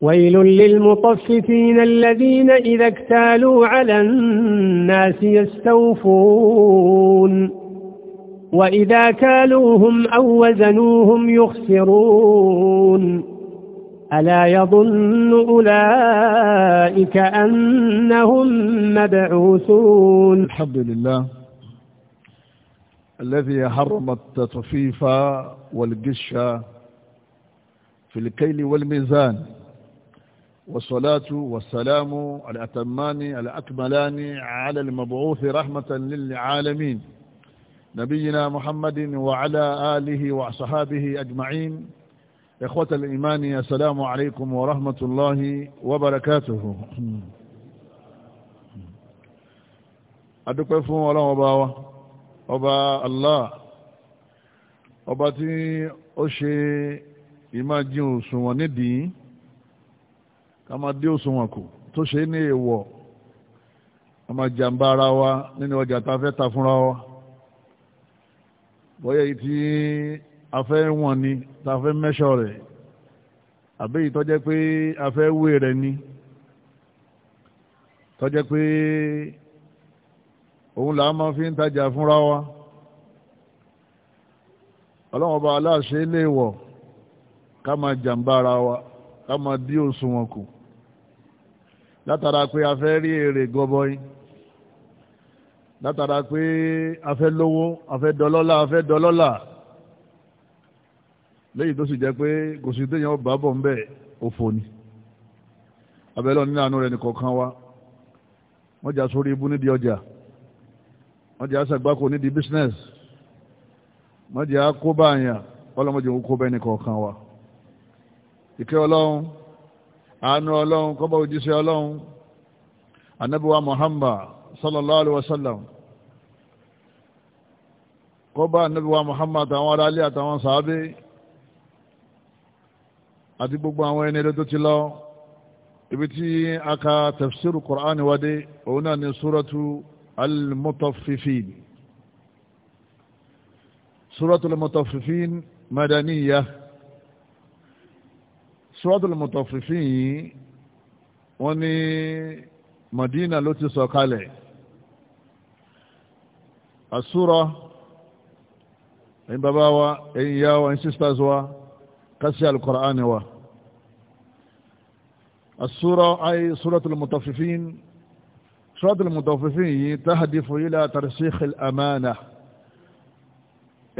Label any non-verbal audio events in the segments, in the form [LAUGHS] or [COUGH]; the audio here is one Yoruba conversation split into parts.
ويل للمطففين الذين إذا اكتالوا على الناس يستوفون وإذا كالوهم أو وزنوهم يخسرون ألا يظن أولئك أنهم مبعوثون الحمد لله الذي حرم التطفيف والقشة في الكيل والميزان والصلاة والسلام الأتمان الأكملان على المبعوث رحمة للعالمين نبينا محمد وعلى آله وصحابه أجمعين إخوة الإيمان السلام عليكم ورحمة الله وبركاته adúpẹ́ fún ọlọ́run ọba wa الله allah ọba tí ó ṣe ìmájí Kama máa dé òṣùwọ̀n kù tó ṣe ní èèwọ̀ a máa ara wa nínú ọjà tá a fẹ́ ta fúnra wa bóyá èyí tí a fẹ́ wọ̀n ni tá a fẹ́ mẹ́ṣọ̀ rẹ̀ àbẹ́yìí tọ́jẹ́ pé a fẹ́ wé rẹ̀ ni tọ́jẹ́ pé òun là á máa fi ń tajà fúnra wa ọlọ́run ọba aláṣẹ léèwọ̀ ká máa jàǹbá ara wa ká máa dí òṣùwọ̀n kù látara pé a fẹ́ rí èrè gọbọi látara pé a fẹ́ lówó a fẹ́ dọlọ́lá a fẹ́ dọlọ́lá lẹ́yìn tó sì jẹ́ pé kò sí téèyàn bá bọ̀ ń bẹ̀ òfò ni abẹ́lẹ́ nínú àánú rẹ̀ nìkọ̀ọ̀kan wa wọ́n jà sórí ibú nídìí ọjà wọ́n jà sàgbákò nídìí business wọ́n jà kó bá àyàn ọlọ́mọdé òun kó bẹ́ẹ̀ nìkọ̀ọ̀kan wa ìkẹ́ ọlọ́run àánú ọlọ́run kọ́bà òjíṣẹ́ ọlọ́run anábíwá Muhammad sallallahu alaihi wasallam kọ́bà anábíwá Muhammad àtàwọn aráalé àtàwọn sàábé àti gbogbo àwọn ẹni tó ti lọ ibi tí a ka tafsiru Qur'ani wadé òun náà ni suratu al-mutaffifin suratu al-mutaffifin madaniyah Suratul Mutaffifin yìí wọ́n ní Madina ló ti sọ kalẹ̀ àsúrọ̀ ẹ̀yin bàbá wa ẹ̀yin ìyá wa ẹ̀yin sisters wa kásí al-Qur'ani wa àsúrọ̀ ayé Suratul Mutaffifin Suratul Mutaffifin yìí tahdifu ila tarsikh al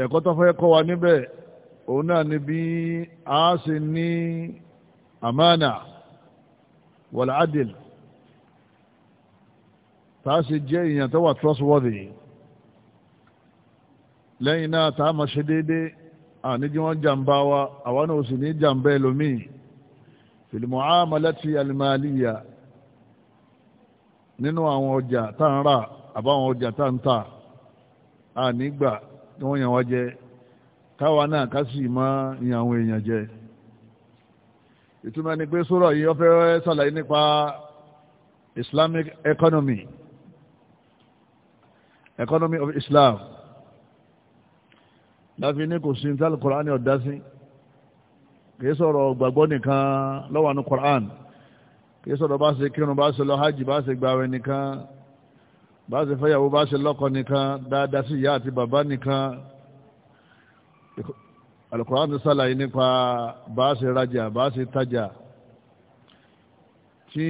ẹ̀kọ́ tó fẹ́ kọ́ wa níbẹ̀ òun náà ni bí a ṣe ní àmánà wàlàádìl tàà sì jẹ́ èèyàn tó wà trustworthy lẹ́yìn náà tàà máa ṣe déédéé àníjí wọ́n jàǹbá wa àwọn náà sì ní jàǹbá ẹlòmíì fil mu'amalati al-maliyya nínú àwọn ọjà tá ń rà àbáwọn ọjà tá ń tà ànígbà tí wọ́n yàn wá jẹ káwa náà ká sì máa yàn àwọn èèyàn jẹ ìtumọ̀ ni pé sórọ̀ yìí ọ́fẹ́ sàlàyé nípa Islamic economy economy of Islam láfi ní kò sí ní tàbí Quran ní ọ̀dá sí kìí sọ̀rọ̀ gbàgbọ́ nìkan lọ́wọ́ ní Quran kìí sọ̀rọ̀ bá ṣe kírun bá ṣe lọ hajj bá ṣe gbàwẹ̀ nìkan bá ṣe fẹ́yàwó bá ṣe lọ́kọ nìkan dáadáa sí ìyá àti bàbá nìkan alukuraani sàlàyé nípa bá a ṣe rajà bá a ṣe tajà tí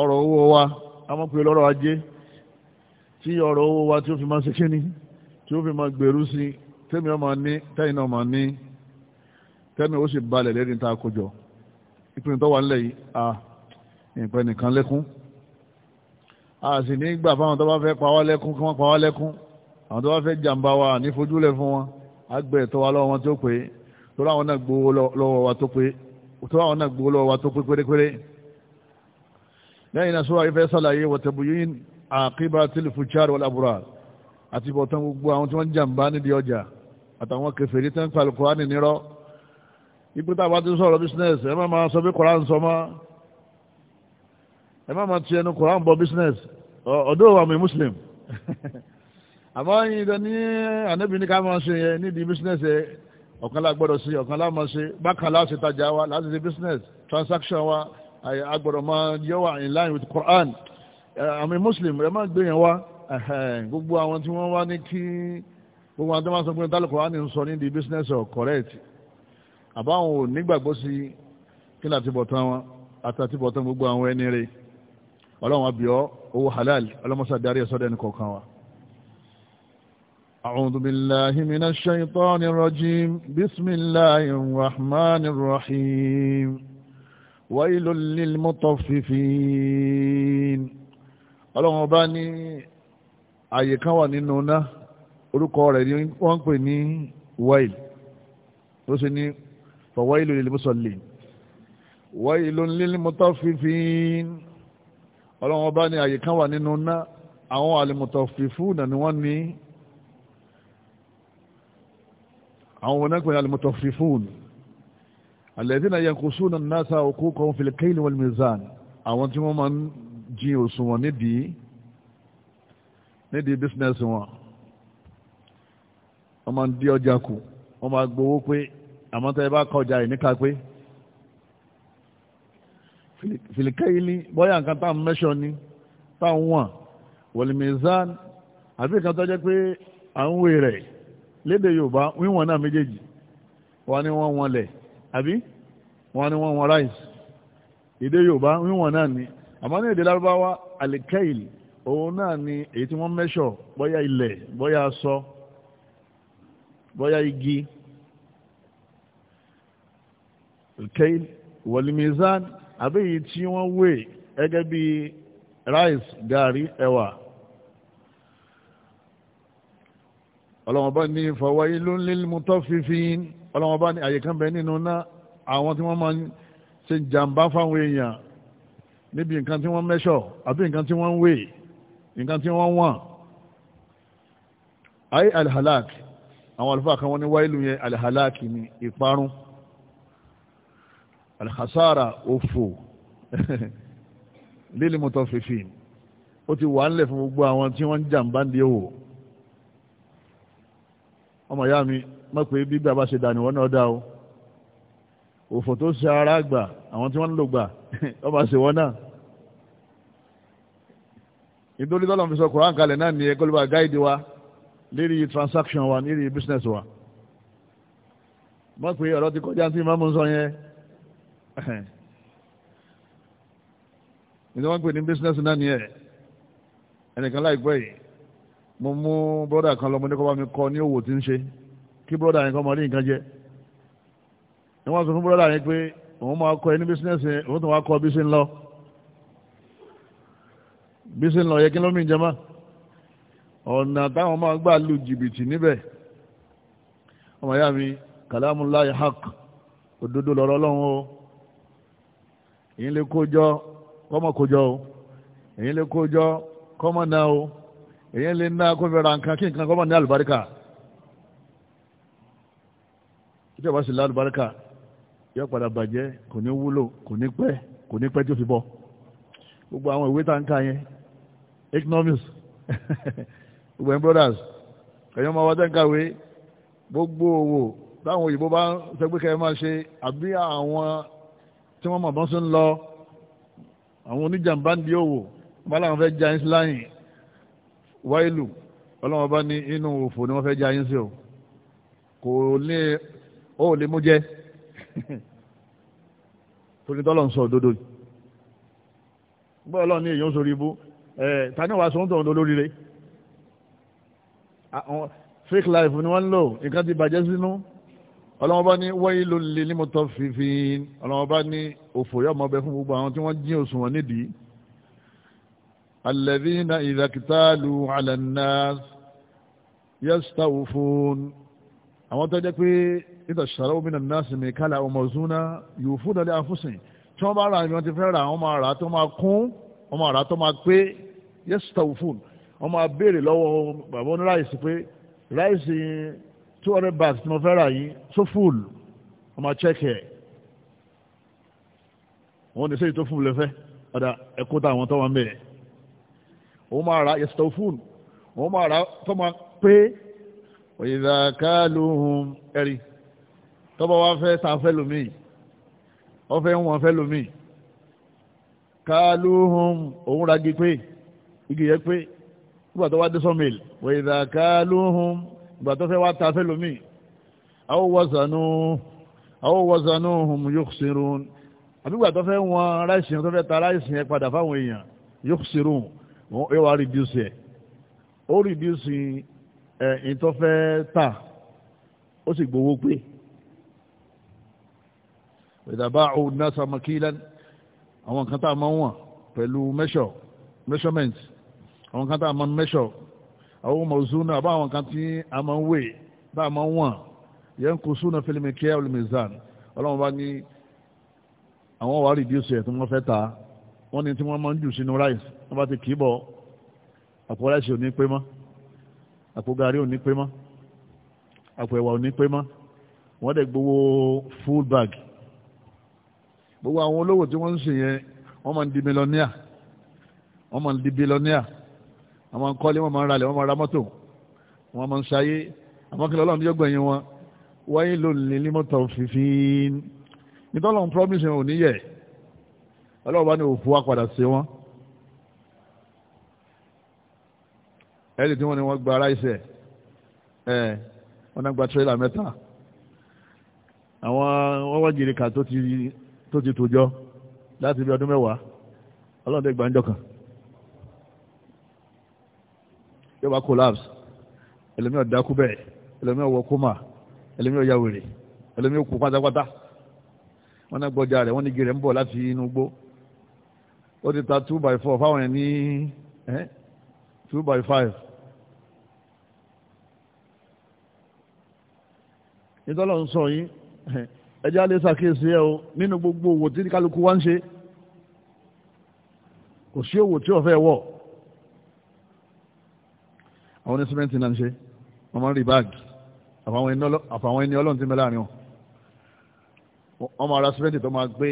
ọ̀rọ̀ owó wa a máa pè lọ́rọ̀ ajé tí ọ̀rọ̀ owó wa tí ó fi máa ṣe kíni tí ó fi máa gbèrú sí tẹ́mi ọmọ ní tẹ́yìn ọmọ ní tẹ́mi ó sì balẹ̀ lẹ́ni tá a kó jọ tó wà nílẹ̀ yìí a ìpẹ́ nìkan lẹ́kún a sì ní gbà fáwọn tó bá fẹ́ pa wá lẹ́kún kí wọ́n pa wá lẹ́kún àwọn tó bá fẹ́ jàǹbá wa ní fojúlẹ̀ fún wọn àgbẹ̀ tó wá lọ́wọ́ wọn tó pé tó láwọn náà gbowó lọ́wọ́ wa tó pé tó láwọn náà gbowó lọ́wọ́ wa tó pé pérépéré lẹ́yìn náà sọ́wọ́ ìfẹ́ sàlàyé wọ̀tẹ̀bùyìn àkíbà tìlìfùchár wal abrar àti bọ̀tán gbogbo àwọn tí wọ́n jàǹbá nídìí ọjà àtàwọn kèfèrí tán pàlùkọ́ á nìnírọ́ ipò tá a bá ti sọ̀rọ̀ business ẹ má máa sọ bí koran sọ mọ́ ẹ má máa ti ẹnu koran bọ business ọ̀dọ́ wa mi [LAUGHS] àmọ́ yìí tó ní ànábì ní ká máa ṣe yẹn nídìí bísínẹ́sì ọ̀kan la gbọ́dọ̀ sí ọ̀kan la máa ṣe bákan láti tajà wa láti ṣe bísínẹ́sì transaction wa agbọ́dọ̀ máa yọ wà in line with Quran àmì eh, muslim ẹ máa gbé yẹn wá gbogbo àwọn tí wọ́n wá ní kí gbogbo àwọn tó máa sọ pé tálùkù wa ní sọ nídìí bísínẹ́sì ọ̀ correct àbáwọn ò nígbàgbọ́ sí kí láti bọ̀ tán wọn àtàtì bọ̀ tán gbogbo àwọn ẹni rẹ̀ ọlọ́run àbíọ́ owó halal ọlọ́mọṣà darí ẹ̀sọ́dẹ̀ ẹnì kọ̀ọ̀kan wa. أعوذ بالله من الشيطان الرجيم بسم الله الرحمن الرحيم ويل للمطففين ọlọ́run ọba ní àyè kan wà nínú iná orúkọ rẹ̀ ni wọ́n ń pè ní wail tó ṣe ní fọwọ́ìlú lè mùsọ̀lẹ̀ wailun lil mutaffifin ọlọ́run ọba ní àyè kan wà nínú iná àwọn àlèmọ̀tọ̀fífún náà ni wọ́n ní àwọn wọn náà pẹ̀lú al-mutaffifun alladhina yanqusuna an-nasa huquqahum fil kayl wal mizan àwọn tí wọ́n máa ń jí òṣùwọ̀n nídìí nídìí bísínẹ́sì wọn wọ́n máa ń dí ọjà kù wọ́n máa gbowó pé àmọ́ bá kọ ọjà yìí pé filikẹ́yìlì bọ́yá nǹkan tá à ń mẹ́ṣọ́ ni tá à ń wọ̀n wọ̀lìmìzán àbí nǹkan tó jẹ́ pé à ń wé rẹ̀ lédè yorùbá wíwọ̀n náà méjèèjì wọ́n ní wọ́n wọn lẹ̀ àbí wọ́n ní wọ́n wọn ráìsì èdè yorùbá wíwọ̀n náà ni àmọ́ ní èdè lárúbáwá alikail òun náà ni èyí tí wọ́n mẹ́ṣọ̀ bóyá ilẹ̀ bóyá aṣọ bóyá igi alikail wọ̀lìmìzán àbí èyí tí wọ́n wé gẹ́gẹ́ bí ráìsì gàrí ẹ̀wà ọlọ́wọ́n bá ní fawailun lil mutaffifin ọlọ́wọ́n bá ní àyè kan bẹ nínú náà àwọn tí wọ́n máa ń ṣe jàǹbá fáwọn èèyàn níbi nǹkan tí wọ́n mẹ́ṣọ̀ àbí nǹkan tí wọ́n ń wè nǹkan tí wọ́n wọ̀n ayé alhalak àwọn àlùfáà kan wọ́n ní wáìlú yẹn alhalak ni ìparun alhasara òfò lílì [LAUGHS] mutaffifin ó ti wà ńlẹ̀ fún gbogbo àwọn tí wọ́n ń jàǹbá ń di òwò ọmọ ìyá mi mọ̀ pé bí bàbá ṣe dànù wọn náà dá o òfò tó ṣe ara gbà àwọn tí wọ́n ń lò gbà [LAUGHS] ọmọ ṣe wọn náà nítorí tọ́lọ̀ fi sọ Kùrán kalẹ̀ náà ní ẹgbẹ́ olùbá gáìdì wa lérí transaction wa lérí business wa mọ̀ pé ọ̀rọ̀ ti kọjá sí mọ́mú sọ yẹn nítorí [LAUGHS] wọ́n pè ní business náà ni ẹ̀ ẹnìkan láìpẹ́ yìí mo mú broda kan lọ mo kọ́ mi kọ ní òwò tí ń ṣe kí broda yẹn kọ́ mọ ní nǹkan jẹ́ ni wọ́n sọ fún broda yẹn pé òun máa kọ́ ẹ ní bísínẹ́sì òun tó kọ kọ́ bí sí ń lọ bí sí ń lọ yẹ kí ló mìíràn jẹ́ máa ọ̀nà táwọn gbà lu jìbìtì o o o èyàn lè ná kó fẹ́ra nǹkan kí nǹkan kọ́ mọ̀ ní àlùbáríkà ìjọba sì lálùbáríkà yóò padà bàjẹ́ kò ní wúlò kò ní pẹ́ kò ní pẹ́ tó fi bọ́ gbogbo àwọn ìwé tá ń ka yẹn economics [LAUGHS] gbogbo ẹ̀ brothers ẹ̀yọ́n máa wá tẹ́ ń kàwé gbogbo òwò táwọn òyìnbó bá ń sẹgbẹ́ kẹ́ ẹ máa ṣe àbí àwọn tí wọ́n mọ̀ bọ́n lọ àwọn oníjàmbá ń di òwò bá fẹ́ já ẹ́ láyìn wáìlù ọlọ́wọ́n bá ní inú òfò ni wọ́n fẹ́ já yín sí o kò lè ó lè mú jẹ́ [LAUGHS] torí tọ́lọ̀ ń sọ òdodo yìí gbọ́dọ̀ lọ́ọ̀ ní èèyàn sórí ibú ẹ̀ tani wàá sọ́ńtọ̀ ọ̀dọ́ lórí rẹ̀ fake life ni wọ́n ń lò nǹkan ti bàjẹ́ sínú ọlọ́wọ́n bá ní wailul lil mutaffifin ọlọ́wọ́n bá ní òfò yọ̀ọ́ mọ́ bẹ fún gbogbo àwọn tí wọ́n jí òṣùwọ̀n nídìí الذين إذا اكتالوا على الناس يستوفون àwọn tó jẹ́ pé ìtàṣàrà òmìnà náà sì mìkálà ọmọ òzúná yóò fún ìdálẹ́ àfúnsìn tí wọ́n bá ra ìwọ̀n ti fẹ́ ra àwọn ọmọ àrà tó máa kún ọmọ àrà tó máa pé yẹ́sítàwù fún wọ́n máa béèrè lọ́wọ́ bàbá ní pé ráìsì two hundred bags tí mo fẹ́ rà yín so full wọ́n máa wọ́n ní sẹ́yìn tó full lẹ́fẹ́ ọ̀dà ẹ̀kú táwọn tó wà ń òun máa ra yẹsítọ́fún òun máa ra tó máa pé òyìnbákálùhùn ẹ̀rí tọ́bọ̀ wá fẹ́ ta fẹ́ lómi ọfẹ́ ń wọn fẹ́ lómi kálùhùn òun ra gí pé igi yẹ pé nígbà tó wá dé sọ́mìl òyìnbákálùhùn ìgbà tó fẹ́ wá ta fẹ́ lómi àwọn wọ́sànú hùn yóò ṣerun àbígbà tó fẹ́ wọn ráìsìn tó fẹ́ ta ráìsìn ẹ padà fáwọn èèyàn yóò ṣerun yóò wá reduce ẹ̀ ó reduce ẹ̀ ìtọ́fẹ́ tà ó sì gbowó pé ìdàbà òun náà sàmàkílẹ̀ àwọn nǹkan tá a máa ń wọ̀n pẹ̀lú measure measurement àwọn kan tá a máa ń mẹ́ṣọ̀ àwọn ọmọ òzúnà àbá àwọn kan tí a máa ń wè tá a máa ń wọ̀n yẹn kò súnà fílímù kíá olùmìzàn ọlọ́run bá ní àwọn wà rí díòsì ẹ̀ tí wọ́n fẹ́ ta wọ́n ní tí wọ́n máa ń jù sínú ráìsì wọ́n bá ti kì í bọ̀ àpò ráìsì ò ní pé mọ́ àpò gàrí ò ní pé mọ́ àpò ẹ̀wà ò ní pé mọ́ wọ́n dẹ̀ gbowó full bag gbogbo àwọn olówó tí wọ́n ń sìn yẹn wọ́n máa ń di mílíọ̀nìyà wọ́n máa ń di bílíọ̀nìyà wọ́n máa ń kọ́lé wọ́n máa ń ralẹ̀ wọ́n máa ń ra mọ́tò wọ́n máa ń ṣayé àmọ́ kí lọ́lọ́run yóò gbẹ̀yìn wọn wáyé lónìí límọ́tò fífín nítorí wọn promise wọn ò ní yẹ̀ ọlọ́run bá ní òfu wa padà sí wọn ẹ̀ẹ́dì tí wọ́n ní wọ́n gba aráìsẹ̀ ẹ̀ wọ́n náà gba tírélà mẹ́ta àwọn wọ́n wọ́n jìrìkà tó ti tòjọ́ láti bí ọdún mẹ́wàá ọlọ́run dẹ́gbà ń jọkàn yóò bá collapse ẹlẹ́mi ọ̀dákú bẹ́ẹ̀ ẹlẹ́mi ọ̀wọ́ kó mà ẹlẹ́mi ọ̀yà wèrè ẹlẹ́mi òkú pátápátá wọ́n náà gbọ́jà rẹ̀ wọ́n ní gèrè ń bọ̀ láti inú gbó ó ti ta two by four fáwọn ẹ̀ ní two by five. ìtọ́lọ̀ ń sọ yín ẹjẹ́ alẹ́ ṣàkíyèsí ẹ o nínú gbogbo òwò tí kálukú wá ń ṣe kò sí òwò tí ọ̀fẹ́ wọ̀ àwọn ní sìmẹ́ǹtì náà ń ṣe wọ́n máa ń rí báàgì àfàwọn ẹni ọlọ́run ti mẹ́ láàrin wọn wọ́n máa ra sìmẹ́ǹtì tó máa gbé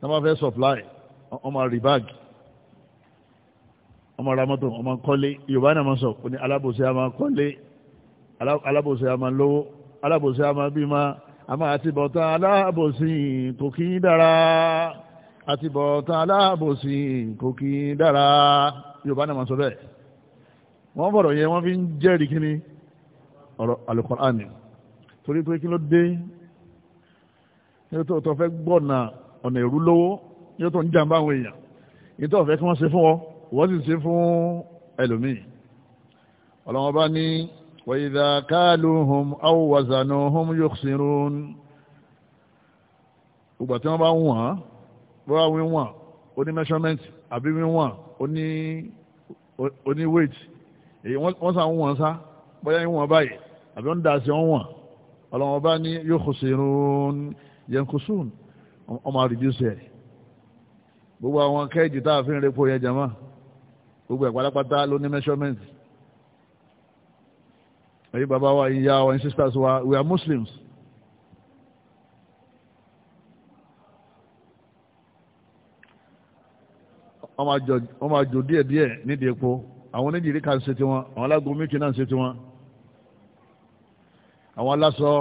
tó máa fẹ́ supply ọmọ rìbáàgì ọmọ ramọ́tò ọmọ kọ́lé yorùbá náà máa sọ pé ní alábòsí a máa kọ́lé alábòsí a máa lówó alábòsí a máa bímọ àmọ́ àtibọ̀tán alábòsí kò kí ń dára àtibọ̀tán alábòsí kò kí ń dára yorùbá náà máa sọ bẹ́ẹ̀ wọ́n fọ̀rọ̀ yẹn wọ́n fi ń jẹ́rìí kíní ọ̀rọ̀ alukọ́ránì torí pé kí ló dé ní tó fẹ́ gbọ́nà ọ̀nà ìrú lówó yóò tó ń jàǹbá àwọn èèyàn yìí tó ọ̀fẹ́ kí wọ́n ṣe fún ọ wọ́n sì ṣe fún ẹlòmíì ọlọ́wọ́n bá ní wa idha kaluhum aw wazanuhum yukhsirun ìgbà tí wọ́n bá ń wọ̀n bóyá wíwọ̀n ó ní measurement àbí wíwọ̀n ó ní ó ní weight èyí wọ́n sàn wọ̀n sá bóyá wíwọ̀n báyìí àbí wọ́n ń wọ́n wọ̀n ọlọ́wọ́n bá ní yukhsirun yankusun ọmọ àrídìí sẹ́yìn gbogbo àwọn kẹ́ẹ̀jì tá a fi ń repo yẹn jama gbogbo ẹ̀ pátápátá ló ní measurement èyí bàbá wa ìyá wa and sisters wa we are Muslims. wọ́n máa jò díẹ̀ díẹ̀ nídìí epo àwọn onídìrí kan ṣe tiwọn àwọn alágún méjì náà ṣe tiwọn àwọn aláṣọ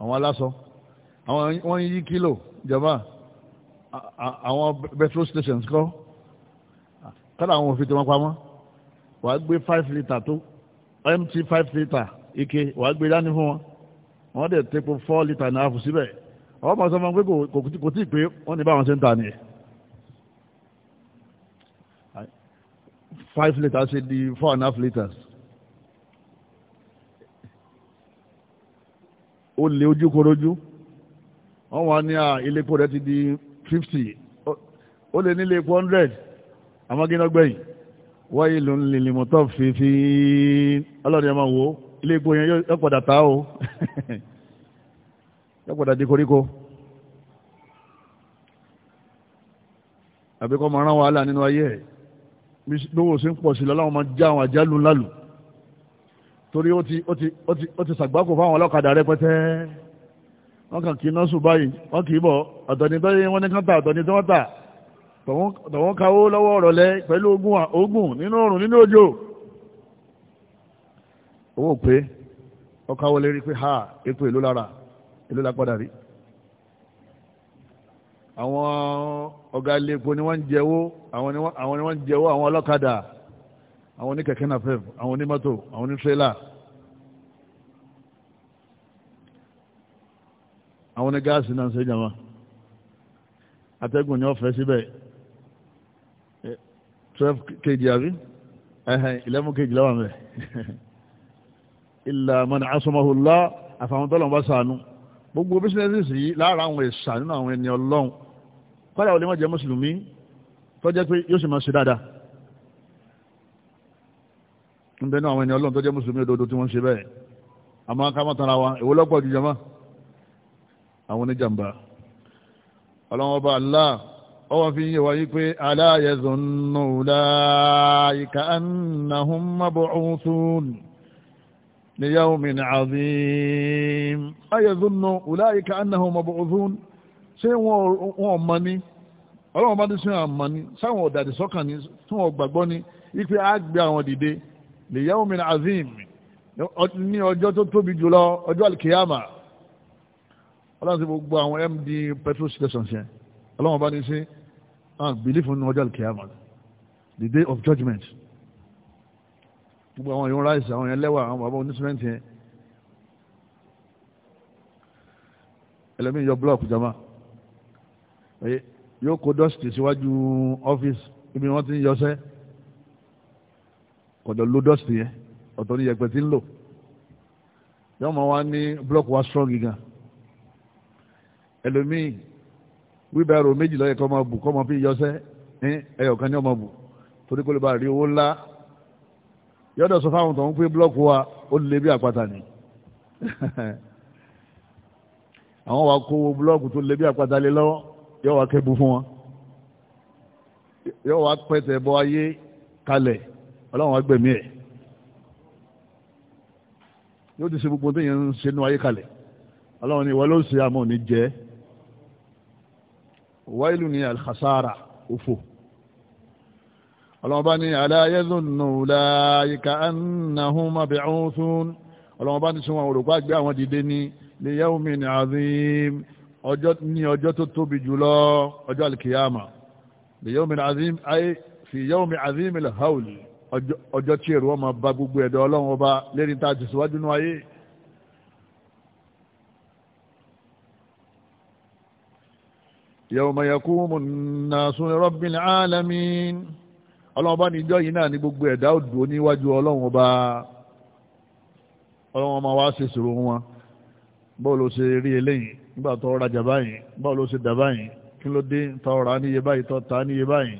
àwọn aláṣọ àwọn wọ́n yí kílò jama àwọn petrol stations kọ́ kọ́dà àwọn òfin tí wọ́n pamọ́ wàá gbé five litre tó mt five litre ike wàá gbé dání fún wọn wọ́n dẹ̀ tepo four litre ní àfù síbẹ̀ ọwọ́ máa sọ fún pé kò tí ì pé wọ́n ní báwọn ṣe ń ta nìyẹn five litre ṣe di four and a half litres ó lé ojú korojú wọ́n wá ní à ilé kó rẹ̀ ti di fifty ó lè nílé epo hundred amaginagbe yìí wáyé ló ń lè lè mọ́tọ́ fífi ọlọ́run ẹ̀ máa wò ó ilé epo yẹn yóò padà ta o [LAUGHS] yóò padà di koríko àbí kọ́ máa rán wàhálà nínú ayé ẹ̀ lówó sí ń pọ̀ sí lọ́la wọn máa já àwọn àjálù ńlá lù torí ó ti ó ti ó ti ó ti ṣàgbákò fáwọn ọlọ́kadà rẹpẹtẹ wọ́n kàn kí iná sùn báyìí wọ́n kì í bọ̀ ọ̀tọ̀ ni tó yẹ wọ́n ní kántà ọ̀tọ̀ tọ̀wọ́n kawó lọ́wọ́ ọ̀rọ̀ lẹ pẹ̀lú ogun ogun nínú oòrùn nínú òjò owó pé ọkàwó lérí pé ha epo èlò lára èlò la padà rí àwọn ọ̀gá ilé epo ni wọ́n ń jẹ́wó àwọn ni wọ́n ń jẹ́wó àwọn ọlọ́kadà àwọn oníkẹ̀kẹ́ nàfẹ́ àwọn onímọ́tò àwọn onítírẹ́là àwọn ní gáàsì náà ṣe jàmá atẹ́gùn ni ó fẹ́ síbẹ̀ eh, twelve kg àbí eleven kg lọ́wọ́ mẹ́ [LAUGHS] illa man asomahu Allah àfàwọn tọ́lọ̀ bá sànú gbogbo bísínẹ́sì yìí lára àwọn ìṣà nínú àwọn ẹni ọlọ́run kọ́dà olè mọ̀jẹ́ mùsùlùmí tó jẹ́ pé yóò sì máa ṣe dáadáa ń bẹ àwọn ẹni ọlọ́run tó jẹ́ mùsùlùmí òdodo tí wọ́n ṣe bẹ́ẹ̀ àmọ́ ká mọ́ àwọn oníjàmbá ọlọ́wọ́n bá Allah ọwọ́n fi yíwa yí pé ala yazunnu ulaika annahum mab'uthun li yawmin 'azim ayazunnu ulaika annahum mab'uthun ṣé wọ́n mọ́ ní ọlọ́wọ́n bá ní sí àmọ́ ní sáwọn ọ̀dàdì sọ́kàn ní tí wọ́n gbàgbọ́ ní ipe àgbẹ̀ àwọn dìde li yawmin 'azim ní ọjọ́ tó tóbi jùlọ ọjọ́ alkiyama ọlọ́run ti gbogbo àwọn md petrol station yẹn ọlọ́run bá ní sí ah belief in ọjọ́ kìámà the day of judgment gbogbo àwọn èèyàn ráìsì àwọn èèyàn lẹ́wà àwọn bàbá onísìmẹ́ǹtì yẹn ẹlẹ́mìí yọ block jama yóò kó dust síwájú ọ́fíìsì ibi wọ́n ti ń yọṣẹ́ kọ̀dọ̀ ló dust yẹn ọ̀tọ̀ ni yẹ̀pẹ̀ ti ń lò yọ́n máa wá ní block wa strong gan ẹlòmíì wíbẹ̀rù méjì lọ́yẹ̀ kọ́ máa bù kọ́ máa fi yọsẹ́ ní ẹyọ̀kan ní ọmọ bù torí kó lè bá rí owó ńlá yọ́dọ̀ sọ fáwọn tó ń pè búlọ́ọ̀kù wa ó lè bí àpáta ni [LAUGHS] àwọn wa kó búlọ́ọ̀kù tó lè bí àpáta lé lọ́wọ́ yọ́ wa kẹ́bu fún wọn yọ́ wa pẹ̀tẹ̀ bọ́ ayé kalẹ̀ ọlọ́run wa gbẹ̀mí ẹ̀ yóò ti ṣe gbogbo tó yẹn ń ṣe ayé kalẹ̀ ọlọ́run ni ìwọ ló ń ṣe àmọ́ òní jẹ́ wáìlú ní alhasara òfò ọlọ́mọba ní aláyẹ́zùnù láyíká annahum mab'uthun ọlọ́mọba ní ṣíwọ̀n òrùpá gbé àwọn dìde ní li yawmin azim ọjọ́ ní ọjọ́ tó tóbi jùlọ ọjọ́ alkiyama li yawmin azim ay fi yawmi azim alhaul ọjọ́ tí èrò ọmọ bá gbogbo ẹ̀dọ́ ọlọ́mọba lérí tá a ti síwájú náà ayé yawma yaqumu nnasu li rabbil alamin ọlọ́run ọba níjọ́ yìí náà ní gbogbo ẹ̀dá ó dúró níwájú ọlọ́run ọba ọlọ́run ọmọ wa ṣe sòrò wọn báwo ló ṣe rí eléyìí nígbà tó rajà báyìí báwo ló ṣe dà báyìí kí ló dé ta ọ̀rá níye báyìí tó ta níye báyìí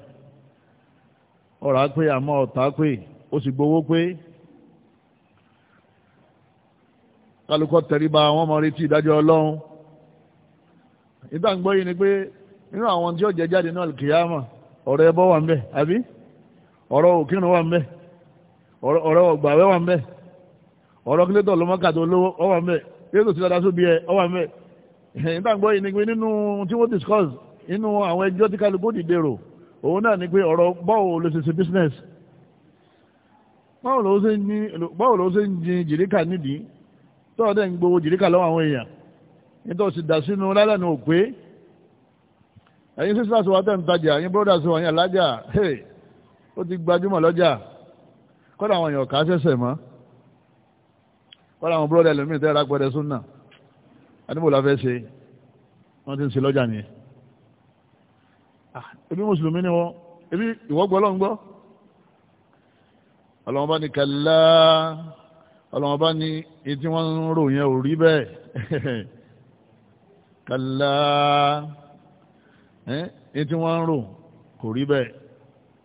ọ̀rá pé àmọ́ ọ̀tá pé ó sì gbowó pé kálukọ́ tẹríba wọ́n mọ retí ìdájọ́ ọlọ́run ìdáǹgbọ́ yìí ni pé nínú àwọn tí ó jẹ jáde náà kìyàmà ọ̀rọ̀ ẹbọ wà ń bẹ àbí ọ̀rọ̀ òkírun wà ń bẹ ọ̀rọ̀ ọ̀gbàwẹ́ wà ń bẹ ọ̀rọ̀ kílẹ̀tọ̀ lọ́mọ́kàtà olówó ọ wà ń bẹ kílẹ̀tọ̀ sí dáadáa sóbi ẹ ọ wà ń bẹ ìtàgbọ́ yìí ni nínú tí wọ́n discuss nínú àwọn ẹjọ́ tí kálukú dìde rò òun náà ni pé ọ̀rọ̀ báwo ló business báwo ló ṣe ń jin jìríkà nídìí tó ọ̀dẹ̀ ń gbowó jìríkà lọ́wọ́ àwọn èèyàn nítorí sì dà sínú lálẹ́ ní òpé ẹ̀yin sísá sọ wá tẹ̀ ń tajà ẹ̀yin bọ́dà sọ wá yẹn lájà ó ti gbajúmọ̀ lọ́jà kọ́dà àwọn èèyàn kà á ṣẹ̀ṣẹ̀ mọ́ kọ́dà àwọn bọ́dà ẹlòmíì tẹ́ ra pẹ́rẹ́ súnà àdúgbò la fẹ́ ṣe wọ́n ti ń ṣe lọ́jà nìyẹn ah, ebi mùsùlùmí ni wọ́n ebi ìwọ gbọ́ lọ́n gbọ́ ọlọ́wọ́n bá ní kàlá ọlọ́wọ́n bá ní etí wọ́n ń rò ò rí bẹ́ẹ̀ [LAUGHS] kàlá ẹ tí wọ́n ń rò kò rí bẹ́ẹ̀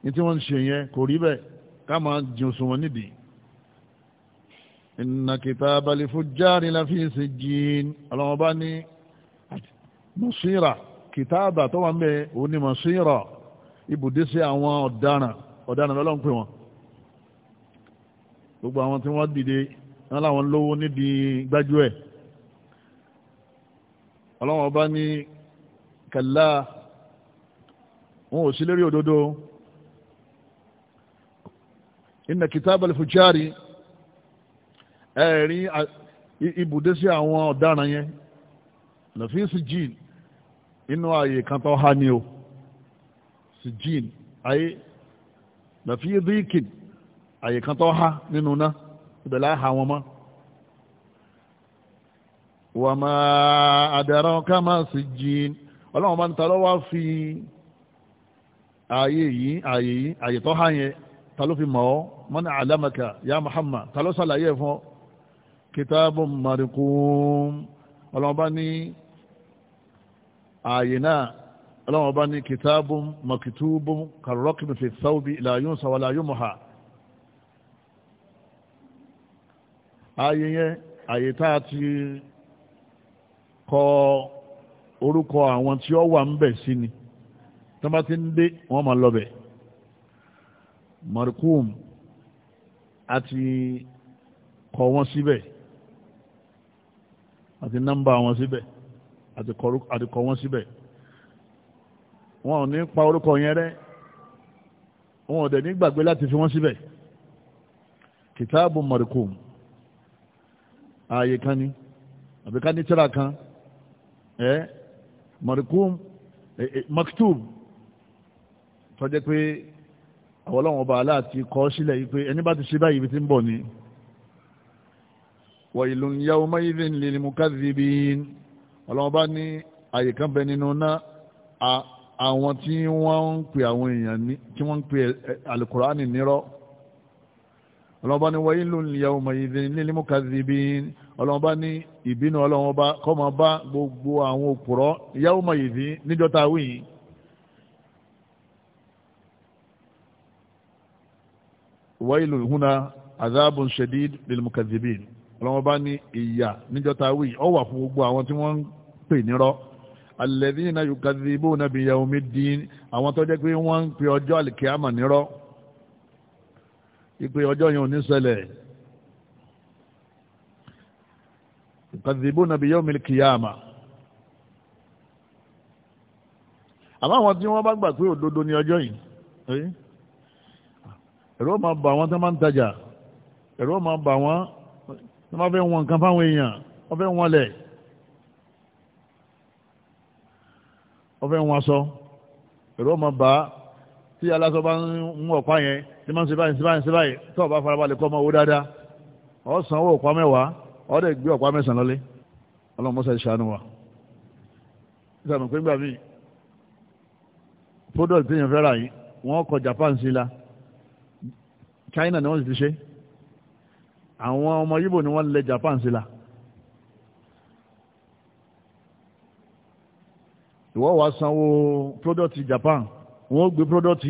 ẹ tí wọ́n ń ṣe yẹn kò rí bẹ́ẹ̀ ká máa jìn òṣùwọ̀n nídìí. inna kitaba al-fujjari lafi sijjin ọlọ́wọ́n bá ní masira kìtàbà tó wà ń bẹ òun ni masira ibùdó sí àwọn ọ̀daràn ọ̀daràn lọ́lọ́run pè wọ́n gbogbo àwọn tí wọ́n dìde wọ́n láwọn lówó nídìí gbájú ẹ̀ ọlọ́wọ́n bá ní kàlá wọn ò sí lérí òdodo inna kitab al-fujari ẹ̀rí ibùdó sí àwọn ọ̀daràn yẹn lọ́fíìsì jean inú ààyè kan tó há ní o sí jean ayé lọ́fíìsì kìd ààyè kan tó há nínú náà ibẹ̀ láhà wọn mọ́ wàmà àdàrà ọ̀ká máa sí bá ń ta lọ́wọ́ fi. ààyè yìí ààyè yìí ààyè tó há yẹn ta fi mọ̀ ọ́ mọ́nà àlámàkà ya Muhammad ta ló sàlàyé ẹ̀ fún ọ kitabun marqum ọlọ́mọba ní ààyè náà ọlọ́mọba ní kitabun maktubun karọ́kìmù fi thawbi la Muha. wala yumha ààyè yẹn ààyè tá a ti kọ orúkọ àwọn tí ó wà ń bẹ̀ sí ni. tó bá ti ń dé wọ́n máa lọ́bẹ̀ markum àti kọ wọn síbẹ̀ àti nọ́mbà wọn síbẹ̀ àti kọ wọn síbẹ̀ wọn ò ní pa orúkọ yẹn rẹ́ wọn ò dẹ̀ ní láti fi wọ́n síbẹ̀ kìtáàbù markum ààyè kan ni àbíká ní tíra kan ẹ́ maktub tọ́jẹ́ pé àwọn ọlọ́run ọba aláàtì kọ́ sílẹ̀ yìí pé ẹni bá ti ṣe báyìí ibi tí ń bọ̀ ni wailun yawmaidhin lil mukadhdhibin ọlọ́run bá ní àyè kan bẹ nínú náà àwọn tí wọ́n ń pè àwọn èèyàn ní tí wọ́n ń pè alukurani nírọ́ ọlọ́run bá ní wailun yawmaidhin lil mukadhdhibin ọlọ́run bá ní ìbínú ọlọ́run bá kọ́ máa bá gbogbo àwọn òpùrọ́ yawmaidhin níjọ́ta wáyìlú húnna azabun shadid lilmukazibin ọlọ́wọ́n bá ní ìyà níjọta wí ọ wà fún gbogbo àwọn tí wọ́n ń pè nírọ́ alladhina yukazibuna bi yawmiddin àwọn tó jẹ́ pé wọ́n ń pe ọjọ́ àlìkíyàmà nírọ́ ìpè ọjọ́ yẹn ò ní ṣẹlẹ̀ yukazibuna bi yawmil kiyama àmọ́ àwọn tí wọ́n bá gbà pé òdodo ni ọjọ́ yìí ẹ̀rọ ma bà wọ́n tó máa ń tajà ẹ̀rọ máa bà wọ́n tó máa fẹ́ wọn nǹkan fáwọn èèyàn wọ́n fẹ́ wọn lẹ̀ wọ́n fẹ́ wọn aṣọ ẹ̀rọ máa bà á tí aláṣọ bá ń mú ọ̀pá yẹn tí máa ń ṣe báyìí ṣe báyìí ṣe farabalẹ̀ kọ́ ọmọ owó dáadáa ọ̀ sanwó ọ̀pá mẹ́wàá ọ̀ dẹ̀ gbé ọ̀pá mẹ́sàn-án lọ́lé ọlọ́run mọ́sá ìṣàánú wa ìṣàánú pé gbà míì product tí yẹn fẹ́ rà yìí wọ́n kọ Japan sí la China ni wọ́n ti ṣe àwọn ọmọ yíbò ni wọ́n lẹ Japan sí la ìwọ wàá sanwó product Japan wọ́n gbé product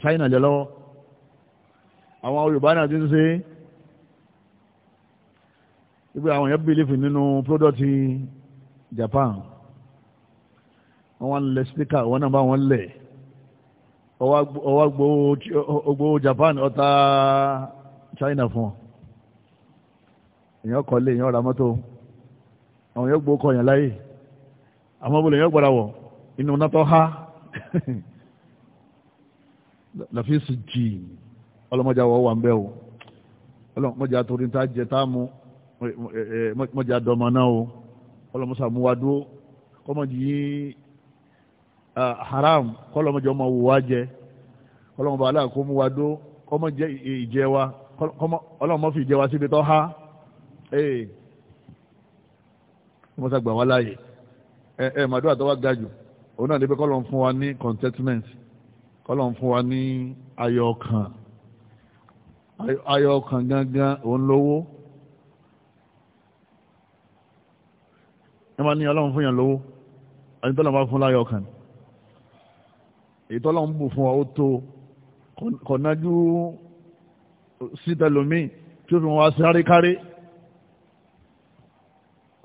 China lẹ lọ́wọ́ àwọn Yorùbá náà ti ń ṣe ibi àwọn yẹn bìlífì nínú product Japan wọ́n wá ń lẹ speaker wọ́n náà bá wọ́n lẹ̀ ọwá gbowó Japan ọta China fún ọ èèyàn kọ́lé èèyàn ra mọ́tò àwọn èèyàn gbowó kọyàn láyè àmọ́ bọ́lá èèyàn gbọ́dọ̀ wọ̀ inú nátọ́ ha làfíìsì jì ọlọ́mọdé àwọ̀ wà ń bẹ́ o ọlọ́mọdé àtòrí ta jẹ tá mu mọ̀jà dọ̀mọ̀ náà o ọlọ́mọsàmúwádó kọ́mọdé yìí haram kọlọmọjọ ọmọ wò wá jẹ kọlọmọba aláàkó mú wa dó kọmọ jẹ ìjẹ wa kọlọmọ fi ìjẹ wa síbi tọ́ ha ee wọ́n sàgbà wá láàyè ẹ ẹ màdúrà tó wá ga jù òun náà níbi kọlọm fún wa ní contentment kọlọm fún wa ní ayọ̀ ọkàn ayọ̀ ọkàn gangan òun lówó. ẹ máa ní ọlọ́run fún yàn lówó ẹni tó lọ́n bá fún láyọ̀ ọkàn ni èyí tọ́lọ́ ń bù fún wa ó tó kọ̀nájú sítẹ̀lómi tí ó fi wọn wá sáré káré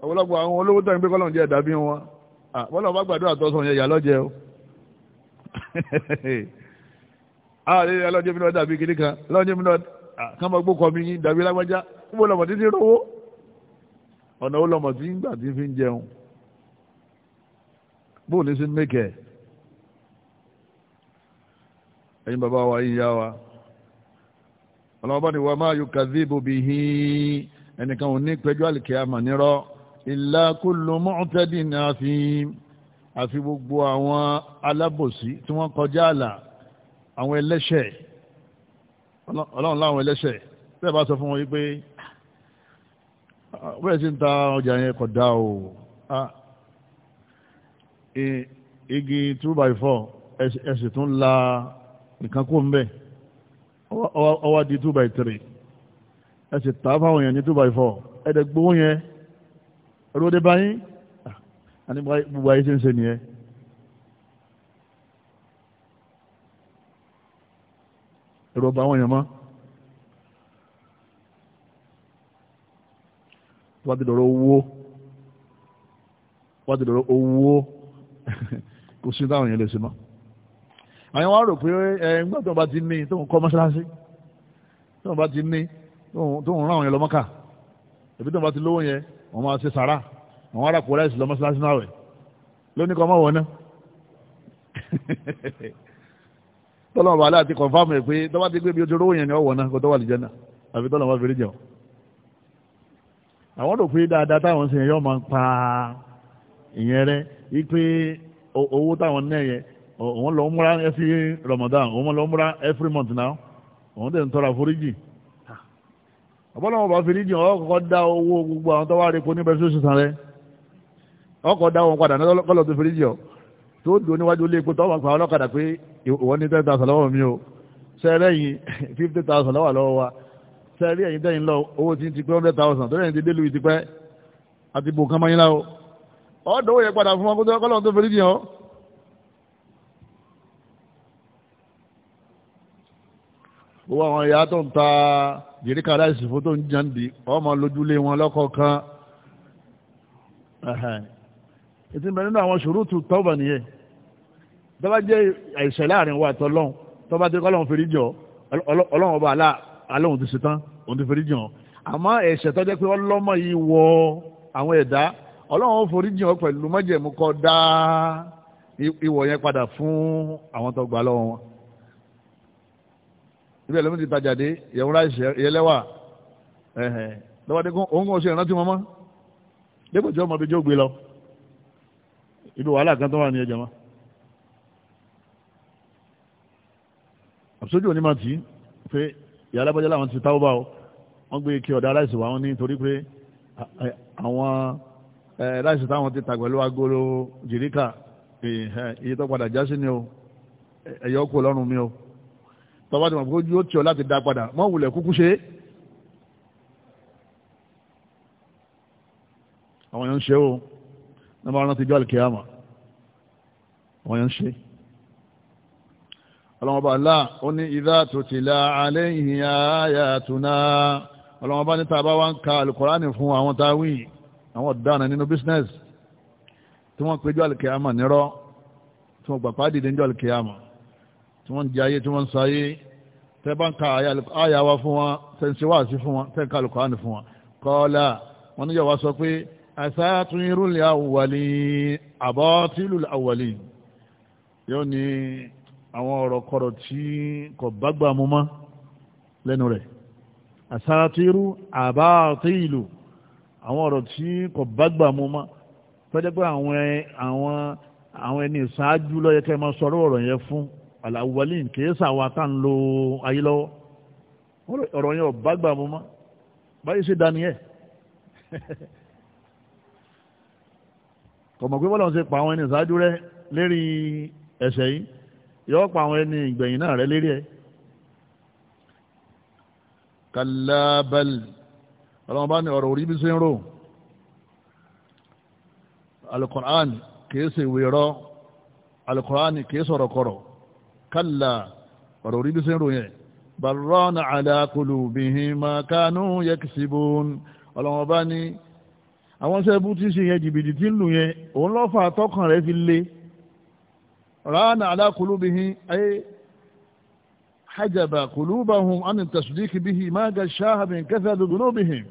ọ̀pọ̀lọpọ̀ àwọn olówó tó ń gbé kọ́lọ̀ ń jẹ́ ẹ̀dá bí wọn bọ́lá wọn bá gbàdúrà tó sọ̀rọ̀ yẹn yà lọ́jẹ́ o ààrẹ [LAUGHS] ọlọ́jẹ́ mi lọ dàbí kiri kan ọlọ́jẹ́ mi lọ kán máa gbó kọmi yín dàbí lágbájá ó lọ́mọ títí rówó ọ̀nà ó lọ́mọ tí ń gbà tí fi ń jẹun bóòlù sí mẹ́kẹ̀ẹ́ ẹ̀yin bàbá wa yìí yá wa ọlọ́wọ́ bá ní wa máa yukadhibu bihi ẹnìkan ò ní pẹ́jọ́ àlìkíyàmà nírọ́ illa kullu mu'tadin àfi àfi gbogbo àwọn alábòsí tí wọ́n kọjá àlà àwọn ẹlẹ́ṣẹ̀ ọlọ́run láwọn ẹlẹ́ṣẹ̀ bẹ́ẹ̀ bá sọ fún wọn yí pé ah, bẹ́ẹ̀ sí ń ta ọjà yẹn kò dá o ah, igi two by four ẹ̀sìn tún la nǹkan kó ń bẹ̀ ọwá di two by three ẹ sì tà á fáwọn èèyàn ní two by four ẹ dẹ̀ gbowó yẹn ẹrú ọdẹ báyìí ah, àní gbogbo ayé ṣe ń ṣe nìyẹn. ẹ̀rọ ọba àwọn èèyàn mọ́ wọ́n ti dọ̀rọ̀ owó wọ́n ti dọ̀rọ̀ owó [LAUGHS] kò sí táwọn èèyàn lè ṣe mọ́ àwọn wá rò pé ẹ nígbà tó ń bá ti ní tó ń kọ́ mọ́ṣáláṣí tó ń bá ti ní tó ń rán àwọn yẹn lọ́mọ́kà ẹbí tó ń bá ti lówó yẹn wọ́n máa ṣe sàrà àwọn arákùnrin láìsí lọ mọ́ṣáláṣí náà rẹ̀ lónìí kan máa wọ̀ ná. [LAUGHS] tọ́lọ́ ọba aláàtí kọ̀ǹfàmù ẹ̀ pé tọ́ba ti gbé bí o ti rówó yẹn ni ọ̀wọ̀ náà kó tó wà lìjẹ́ náà àfi tọ́lọ́ ọba fèrè jẹun. owó táwọn náà yẹn òun lọ múra every Ramadan òun lọ múra every month now òun tẹ̀ ń tọrọ àforíjì ọ̀pọ̀lọpọ̀ bá fi ríjì ọ̀ kọ́kọ́ dá owó gbogbo àwọn tó wá rí po ní pẹ̀lú sísan rẹ ọkọ̀ dá wọn padà kọ́lọ̀ tó fi ríjì ọ̀ tó dùn níwájú ilé epo tó wà pa ọlọ́kadà pé ìwọ ní ten thousand lọ́wọ́ mi o sẹ́rẹ́ yìí [LAUGHS] fifty thousand lọ́wọ́ lọ́wọ́ wa sẹ́rẹ́ yìí dẹ́yìn lọ owó tí ń ti pé hundred thousand tó dẹ́yìn ti dé lùwì ti pẹ́ àti bò kán mọ́yìn láwo ọ̀dọ́ òye padà fún wọn kó tó kọ́lọ̀ tó fi ríjì ọ̀ gbogbo àwọn ìyá tó ń ta jìríkà láìsí fún tó ń jẹ́ǹdì ọmọ lójúlé wọn lọ́kọ̀ọ̀kan ètí ń bẹ nínú àwọn ṣòrútù tọ́bà nìyẹn tó bá jẹ́ àìsàn láàrin wa àtọ́lọ́hún tó bá ti kọ́ ọlọ́run fèrè jọ ọlọ́run ọba aláhùn ti ṣetán òun ti fèrè jọ àmọ́ ẹ̀ṣẹ̀ tó jẹ́ pé ọlọ́mọ yìí wọ àwọn ẹ̀dá ọlọ́run forí jìn pẹ̀lú mọ́jẹ̀mú kọ́ dá ìwọ̀ yẹn padà fún àwọn tó lọ́wọ́ wọn ibi ẹ̀ lómi ti tajà dé ìyẹ̀wò ráìsì ìyẹlẹ́wà lọ́wọ́ dé kó òun kò ṣe ìrántí mọ́mọ́ dépò tí ọmọ bíi jó gbé lọ ibi wàhálà kan tó wà ní ẹ̀jẹ̀ mọ́ àbùsọ́jú òní máa tì í pé ìyá alábọ́jà làwọn ti táwọ́ bá o wọ́n gbé kí ọ̀dà ráìsì wà wọ́n ní torí pé àwọn láìsí táwọn ti ta pẹ̀lú agolo jìríkà iye tó padà já sí ni o ẹ̀yọ́ kú lọ́rùn mi o tọ́wọ́ ti mọ̀ pé yóò tí ọ láti dá padà mọ́ wulẹ̀ kúkú ṣe àwọn èèyàn ń ṣe o nígbà wọn ti jọ àlùkìyàmà àwọn èèyàn ń ṣe ọlọ́mọba alá ó ní idha tutila alayhi ayatuna ọlọ́mọba níta bá wá ń ka alukọ́ránì fún àwọn táwí àwọn ọ̀daràn nínú bísínẹ́sì tí wọ́n péjọ àlùkìyàmà nírọ́ tí wọ́n gbàpá dìde ń jọ àlùkìyàmà tí wọ́n ń jẹ ayé tí wọ́n ń sáyé tẹ́ bá ń ka àyà wa fún wọn tẹ́ ń ṣe wáàsí fún wọn tẹ́ ń ka Al-Qur'ani fún wọn kọ́ọ́lá wọn níyàwó wa sọ pé asatirul awwalin abatilul awwalin yóò ní àwọn ọ̀rọ̀ kọ̀rọ̀ tí kò bágbà mú mọ́ lẹ́nu rẹ̀ àsáàtírú àbáàtílù àwọn ọ̀rọ̀ tí kò bágbà mú mọ́ pẹ́jẹ́ àwọn ẹni ìsáájú ló máa sọ̀rọ̀ ọ̀rọ̀ yẹn fún àlàwọlé nkèé sàwọn àtàn lo ayé lọ́wọ́ ọ̀rọ̀ yẹn ọ̀bá gbà mọ́ mọ́ báyìí ṣe dání ẹ̀ kọ̀mọ̀ pé bọ́lá ń ṣe pa àwọn ẹni ìṣáájú rẹ lérí ẹ̀ṣẹ̀ yìí yọ pa àwọn ẹni ìgbẹ̀yìn náà rẹ lérí ẹ̀ kàlábẹ́lì ọlọ́run bá ní ọ̀rọ̀ orí bí ṣe alukur'an kìí ṣe ìwé rọ alukur'an kìí sọ̀rọ̀ kọ̀rọ̀ kálà ọ̀rọ̀ orí bí sẹ́rò yẹn barọ́nà àdàkùlù bìhìn máa kánú yẹ kìsìbòn ọlọ́wọ́n bá ní àwọn sẹ́bù tí ń ṣe yẹn jìbìtì tí ń lù yẹn òun lọ́fà tọkàn rẹ̀ fi le ránà àdàkùlù bìhìn ayé hajjaba kùlùbàhùn ánì tẹ̀sùdíkì bìhìn máa ga ṣáàbìn kẹfẹ́ dùdùnú bìhìn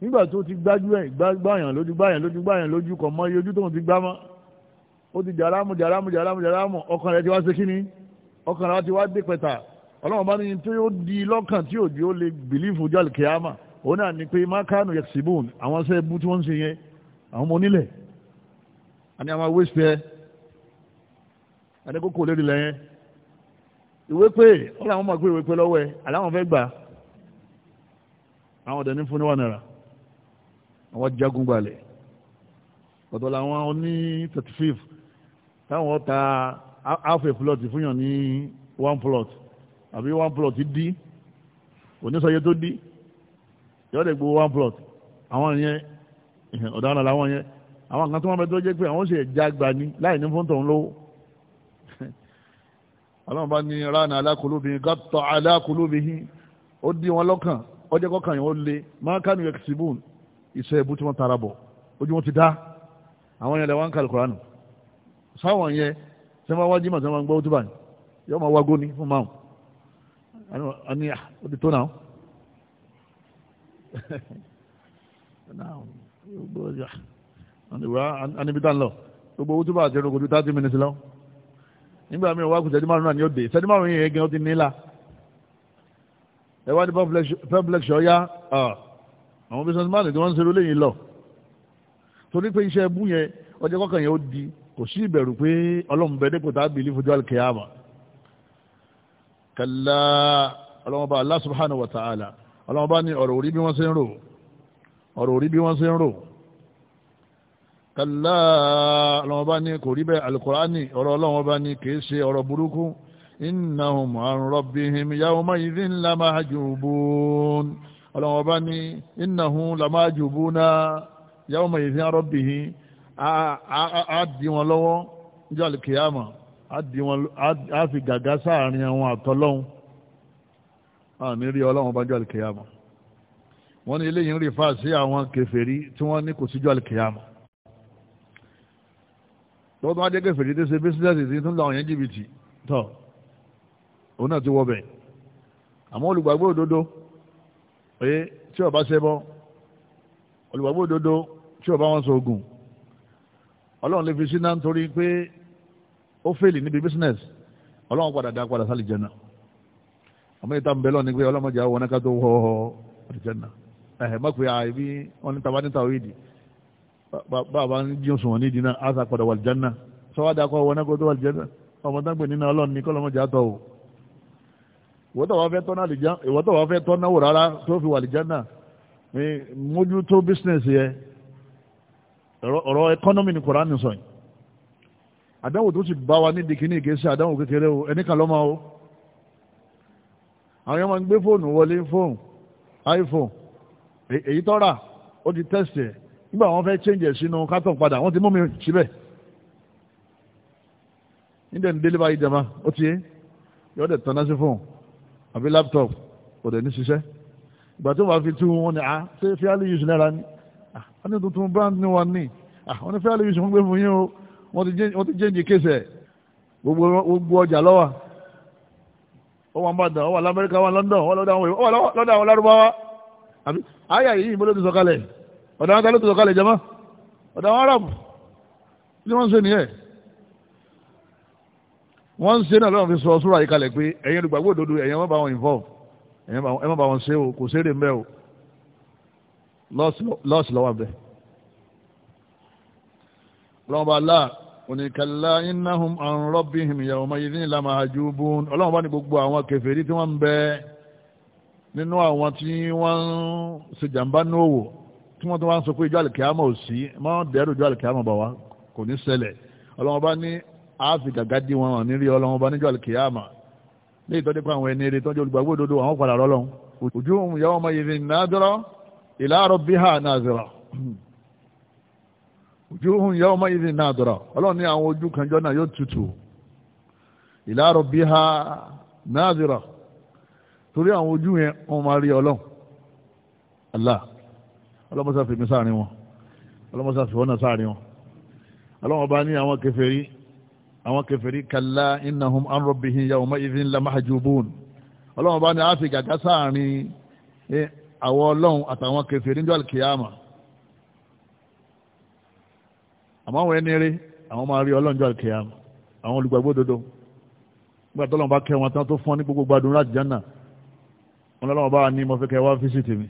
nígbà tó ti gbájú ẹ̀ gbáyàn lójú gbáyàn lójú gbáyàn lójú kọ̀ mọ́ iye ojú tóun ti gbá mọ́ ó ti jàrámù jàrámù jàrámù jàrámù ọkàn rẹ̀ ti wá sí kíní ọkàn rẹ̀ ti wá dé pẹ̀tà ọlọ́run bá ní tí ó di lọ́kàn tí òjì ó lè bìlífù jọ́ àlùkìyàmà òun náà ni pé mákànù yẹ̀sìbùn àwọn ṣẹ́ ẹbú tí wọ́n ń ṣe yẹn àwọn ọmọ onílẹ̀ àní àwọn wíṣpẹ́ àní kókò lórí lẹ́yìn ìwé pé ọ̀rọ̀ àwọn máa pé ìwé pé lọ́wọ́ ẹ̀ àláwọn fẹ́ gbà àwọn ọ̀dẹ̀ ní fún níwà náírà àwọn jagun gbalẹ̀ ọ̀dọ̀ làwọn oní 35 táwọn ta half a plot fúnyàn ní one plot àbí one plot dí onísọyẹ tó dí yọ́dẹ̀ gbogbo one plot àwọn yẹn ọ̀daràn làwọn yẹn àwọn kan tó wọ́n bẹ tó jẹ́ pé àwọn ṣe jágba ní láì ní fún tòun lówó [LAUGHS] ọlọ́run bá ní ránà alákòlóbìnrin gàtọ̀ alákòlóbìnrin ó dí wọn lọ́kàn ọjọ́ kọkàn yìí ó le máa kánú ẹ̀kìsìbùn iṣẹ́ ibú tí wọ́n tara bọ̀ ojú wọn ti dá àwọn yẹn lẹ́wọ́n ń kàlùkùránù sáwọn yẹn ṣe máa wá jímọ̀ ṣe máa gbọ́ ojúbà yóò máa wágó ní fún márùn hmm. àní ah, ó ti tó náà [LAUGHS] àníbi tá ń lọ gbogbo ojúbà àti ẹnu kò ju thirty minutes lọ nígbà míì wá kù sẹ́dí márùn náà ni ó dé sẹ́dí márùn yẹn gan ó ti nílà ẹ wá ní public ṣọ́ yá àwọn business man tí wọ́n ń ṣe lóléyìn lọ torí pé iṣẹ́ ẹbú yẹn ọjọ́ kọ́kàn yẹn ó di kò sí ìbẹ̀rù pé ọlọ́run bẹ dépò tábì ilé fojú alkiyama kàlá ọlọ́run bá Allah subhanahu wa ta'ala ọlọ́run bá ní ọ̀rọ̀ orí bí wọ́n ṣe ń rò ọ̀rọ̀ orí bí wọ́n ṣe ń rò kàlá ọlọ́run bá ní kò rí bẹ́ẹ̀ alukurani ọ̀rọ̀ ọlọ́run bá ní kìí ṣe ọ̀rọ̀ burúkú innahum an rabbihim yawma idhin lamahjubun ọlọ́run bá ní innahum lamahjubuna yawma idhin an rabbihim á di wọn lọ́wọ́ níjọ́ àlùkìyàmà á fi gàgá sáàrin àwọn àtọ́lọ́hún àmì rí ọlọ́run bá jọ́ àlùkìyàmà wọ́n ní eléyìí ń rí fà sí àwọn kèfèrí tí wọ́n ní kò síjọ́ àlùkìyàmà tọ́wọ́ tó wá jẹ́ kèfèrí tó ṣe bísíǹsì tí tún lọ àwọn yẹn jìbìtì tọ́ òun náà ti wọ bẹ̀ àmọ́ olùgbàgbọ́ òdodo pé eh, tí ó bá ṣẹbọ olùgbàgbọ́ òdodo tí ó wọn sọ ogun ọlọ́run lè fi sínú nítorí pé ó fèlì níbi business ọlọ́run padà dá padà sálì jẹ́nà àmọ́ ìta ń bẹ lọ́ni pé ọlọ́mọdé àwọn ọ̀nà ká tó wọ́ àdìjẹ́nà ẹ̀hẹ̀ mọ́ pé àìbí wọn ní tàbá ní tàwídì bàbá ń jí oṣù wọn ní ìdínà á sàpadà wà àdìjẹ́nà sọ́wádà kọ́ wọn náà kó tó wà àdìjẹ́nà ọmọ dágbé nínú ọlọ́run ní kọ́lọ́mọdé àtọ̀ o ọ̀rọ̀ ẹkọ́nọ́mì ni koran sọ yìí àdánwò tó ti bá wa ní dikini ìgbésí àdánwò kékeré o ẹni kan lọ́mọ o àwọn yẹn máa ń gbé fóònù wọlé fóònù iphone èyí tó rà ó ti tẹ́sì ẹ̀ nígbà wọn fẹ́ change ẹ̀ sínú carton padà wọ́n ti mú mi síbẹ̀ níbẹ̀ ní délé báyìí jama ó ti yọ dẹ̀ tán sí fóònù àbí laptop kò dẹ̀ ní ṣiṣẹ́ ìgbà tó bá fi tú wọn ni à ah, ṣé fíálì yìí sùn náírà ni. Ah, wọ́n ní tuntun brand ni wọ́n ní wọ́n ní fẹ́ẹ́ lè fi sùn gbé fún yín o wọ́n ti jẹ́ǹjì kéṣẹ̀ gbogbo ọjà lọ́wọ́ ó wà nbàdàn ó wà lamẹ́ríkà wà London ó wà lọ́dọ̀ àwọn Lárúbáwá àbí àyà yìí ìbọn ló ti sọ̀kalẹ̀ ọ̀dọ̀ àwọn ta ló ti sọ̀kalẹ̀ jẹ́mọ́ ọ̀dọ̀ àwọn Arab ni wọ́n ń ṣe nìyẹn wọ́n ń ṣe náà lọ́wọ́n fi sọ súrà yìí kalẹ̀ pé ẹ̀yin olùgbàgbọ́ òdodo ẹ̀yin ẹ̀ má bá wọn involve ẹ̀yin ẹ̀ má bá wọn ṣe o kò ṣeré mbẹ́ o lọ́ọ̀sì lọ́wọ́ bẹ́ẹ̀ ọlọ́ọ̀bá láà oníkàlá ináhùn àrùn rọ́bìhìm yàwòmá yìí ní ìlàmà àjúbùn ọlọ́ọ̀bá ní gbogbo àwọn kèfèrí tí wọ́n ń bẹ nínú àwọn tí wọ́n ń ṣe jàǹbá nóòwò tí wọ́n tó wá ń sọ pé ìjọ àlìkìyàmọ̀ ò sí má dẹ́rù ìjọ àlìkìyàmọ̀ bà wá kò ní ṣẹlẹ̀ ọlọ́ọ̀bá ní àáfi gàgá dí wọn ní rí ọlọ́ọ̀bá níjọ àlìkìyàmọ̀ ní ìtọ́jú pé àwọn ẹni eré tọ́jú olùgbàgbọ́ òdodo àwọn padà rọ́lọ́hún ojú òun yàwó ọmọ yìí ní nàádọ́rọ́ ila rabbiha nazira wujuhun yawma idhin nadira ọlọ́run ní àwọn ojú kanjọ́ náà yóò tutù ila rabbiha nazira torí àwọn ojú yẹn wọn máa rí ọlọ́run Allah ọlọ́mọsá fèmí sáàrin wọn ọlọ́mọsá fèwọ́nà sáàrin wọn ọlọ́wọ́n bá ní àwọn kèfèrí àwọn kèfèrí kalla innahum an rabbihim yawma idhin lamahjubun ọlọ́wọ́n bá ní àfi gàgá sáàrin eh, àwọn ọlọ́run àtàwọn kèfèrí níjọ́ àlùkìyàmà àmọ́ àwọn ẹni rí àwọn máa rí ọlọ́run níjọ́ àlùkìyàmà àwọn olùgbàgbọ́ òdodo nígbà tó lọ́n bá kẹ́ wọn tán tó fún ní gbogbo gbádùn láti wọn lọ́wọ́ bá ní mo fẹ́ kẹ́ wá fíṣì tèmi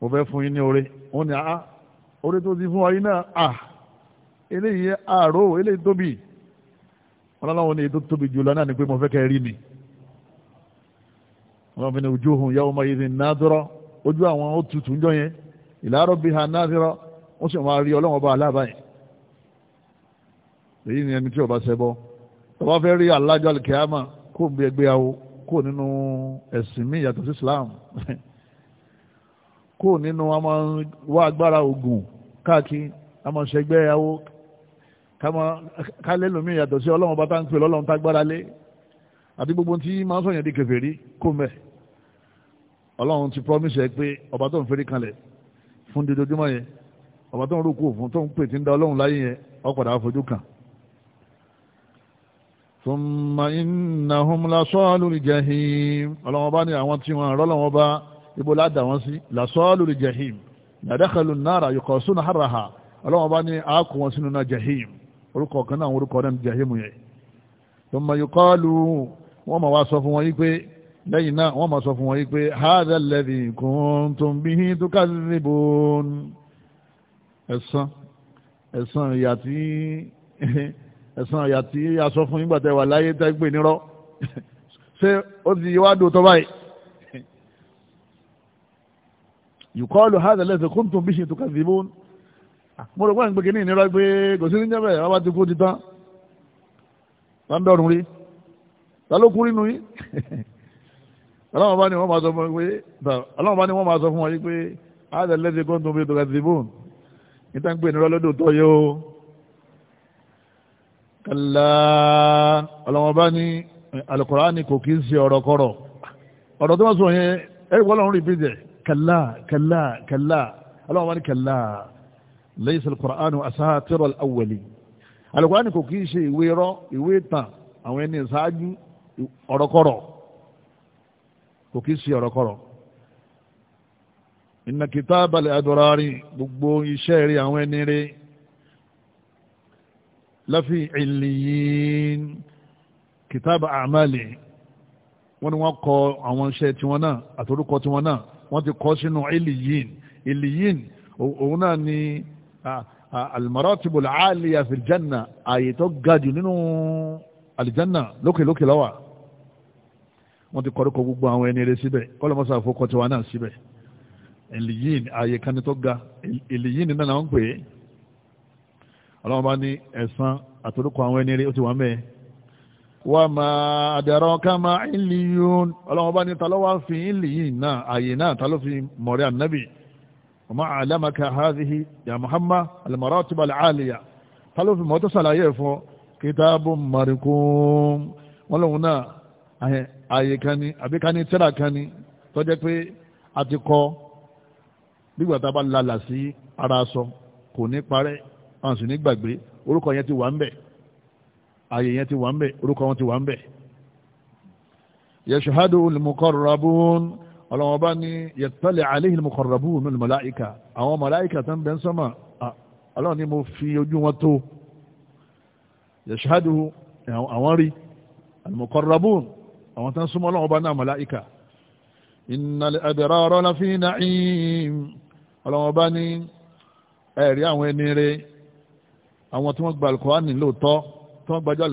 mo fẹ́ fún yín ní orí wọn ni a orí tó ti fún wa náà a eléyìí àárò eléyìí tóbi wọn lọ́wọ́ ní èyí tó tóbi jù lọ náà ni pé mo fẹ́ kẹ́ rí mi wọ́n fi ní ojú ohun yàwó máa yìí nádúrọ́ ojú àwọn ó tutù ńjọ yẹn ìlàárọ̀ bí ha nádúrọ́ ó sì máa rí ọlọ́wọ́n bá aláàbá yẹn èyí ni ẹni tí ọba ṣẹbọ ọba fẹ́ rí alájọ alìkẹ́yàmà kó ń bí ẹgbẹ́ awo kó nínú ẹ̀sìn míì yàtọ̀ sí Islam [LAUGHS] kó nínú a máa wá agbára oògùn káàkiri a máa ṣẹgbẹ́ awo ká lẹ́lòmíì yàtọ̀ sí ọlọ́wọ́n bá tá ń pè lọ́lọ́run àti gbogbo tí máa ń sọ̀yàn di kèfèrí kó mẹ́ ọlọ́run ti promise ẹ pé ọba tó ń fẹ́rí kalẹ̀ fún dídójúmọ́ yẹn ọba tó ń rúkú fún tó ń pè tí ń da ọlọ́run láyé yẹn ọ̀padà àfojú kan. thumma innahum lasaalul jahim ọlọ́run bá ní àwọn tí wọ́n rọ́ lọ́wọ́ bá ibo ládàá wọn sí lasaalul jahim yadakhalu nara yuqasuna harraha ọlọ́run bá ní àákù wọn sínú wọ́n máa wá sọ fún wọn yí pé lẹ́yìn náà wọ́n máa sọ fún wọn yí pé hadha alladhi kuntum bihi tukadhibun ẹ̀sán ẹ̀sán ìyà tí ẹ̀sán ìyà tí a sọ fún nígbà tẹ́ wà láyé tẹ́ gbé nírọ́ ṣé ó ti wá dò tọ́ báyìí yùkọ́lù hadha alladhi kuntum bihi tukadhibun mo rò pé àgbègbè ní ìnira pé kò sí ní jẹ́ bẹ́ẹ̀ wọ́n bá ti kú ti tán wọ́n dọ̀rùn rí tálókù rínú yín ọlọ́run bá ní wọ́n máa sọ fún pé ọlọ́run bá ní wọ́n máa sọ fún wọn pé áàdà lẹ́sẹ̀ kó ń tún bí tó kàtí bóun níta ń pè ní rọ́lọ́dọ̀ tó yẹ o kàlá ọlọ́run bá ní Al-Qur'ani kò kí ń ṣe ọ̀rọ̀ kọ̀rọ̀ ọ̀rọ̀ tó wọ́n sọ yẹn ẹ̀rí wọ́n lọ́run rìpíìtì kàlá kàlá kàlá ọlọ́run bá ní kàlá laysa Al-Qur'anu asatirul awwalin ọ̀rọ̀kọ̀rọ̀ kò kí sí ọ̀rọ̀kọ̀rọ̀ inna kitabal adrari gbogbo iṣẹ́ rí àwọn ẹni rí láfi ìlìyìn kitab àmàlì wọ́n ni wọ́n kọ àwọn iṣẹ́ tiwọn náà àtorúkọ tiwọn náà wọ́n ti kọ sínú ìlìyìn ìlìyìn òun náà ni almaratibul aliya fil janna àyè tó ga jù nínú aljanna lókèlókè lọ́wọ́ wọ́n ti kọ́rọ́kọ́ gbogbo àwọn ẹni eré síbẹ̀ kọ́lọ́mọ́sá àfọkọ́ tiwa náà síbẹ̀ èlìyìn ààyè kani tó ga èlìyìn náà náà ń pè é ọlọ́wọ́n bá ní ẹ̀sán àtòlùkọ́ àwọn ẹni eré ó ti wà mẹ́ẹ̀. wà á máa àdàrọ̀ ká máa ìlìyún ọlọ́wọ́n bá ní ta ló wá fi náà ààyè náà ta ló fi mọ̀rẹ́ ànábì ọmọ àlámàkà yà ààyè kan ni àbí ká ní tírà kan ni tó jẹ́ pé a ti kọ́ nígbà tá a bá lalà sí ara aṣọ kò ní parẹ́ àwọn sì ní gbàgbé orúkọ yẹn ti wà ń bẹ̀ ààyè yẹn ti wà ń bẹ̀ orúkọ wọn ti wà ń bẹ̀ yẹ̀ṣùhádù olùmọ̀kọ́rọ̀rọ̀bùn ọlọ́wọ́n bá ní yẹ̀tọ́lẹ̀ aléhìlmọ̀kọ̀rọ̀bùn nínú mọ̀láìkà àwọn mọ̀láìkà tó ń bẹ sọ́mà ọlọ́wọ́n ní mo fi ojú wọn tó yẹ̀ṣùhádù àwọn rí olùmọ̀kọ̀rọ̀rọ̀bùn àwọn tán súnmọ́ ọlọ́run náà ọlọ́run ní ẹ̀rí àwọn ẹni àwọn tí wọ́n gba lóòótọ́ tí wọ́n gbajọ́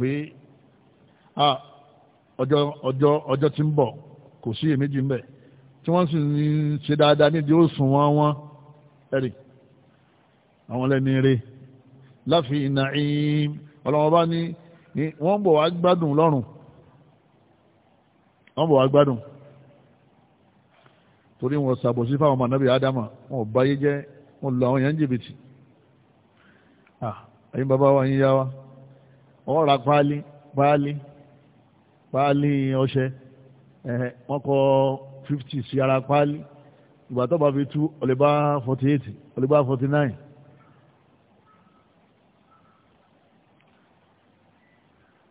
pé ọjọ́ ń bọ̀ kò sí èméjì tí wọ́n wọ́n bọ̀ wá gbádùn torí wọn ṣàbòsí fáwọn ọmọ anábì ádámà wọn ò báyé jẹ́ wọn lọ àwọn èèyàn jìbìtì ẹ̀yin bàbá wa yín yá wa wọ́n ra páálí páálí páálí ọṣẹ wọ́n kọ fifty sí ara páálí ìgbà tó bá fi tú ọ̀lẹ́bá forty eight ọ̀lẹ́bá forty nine.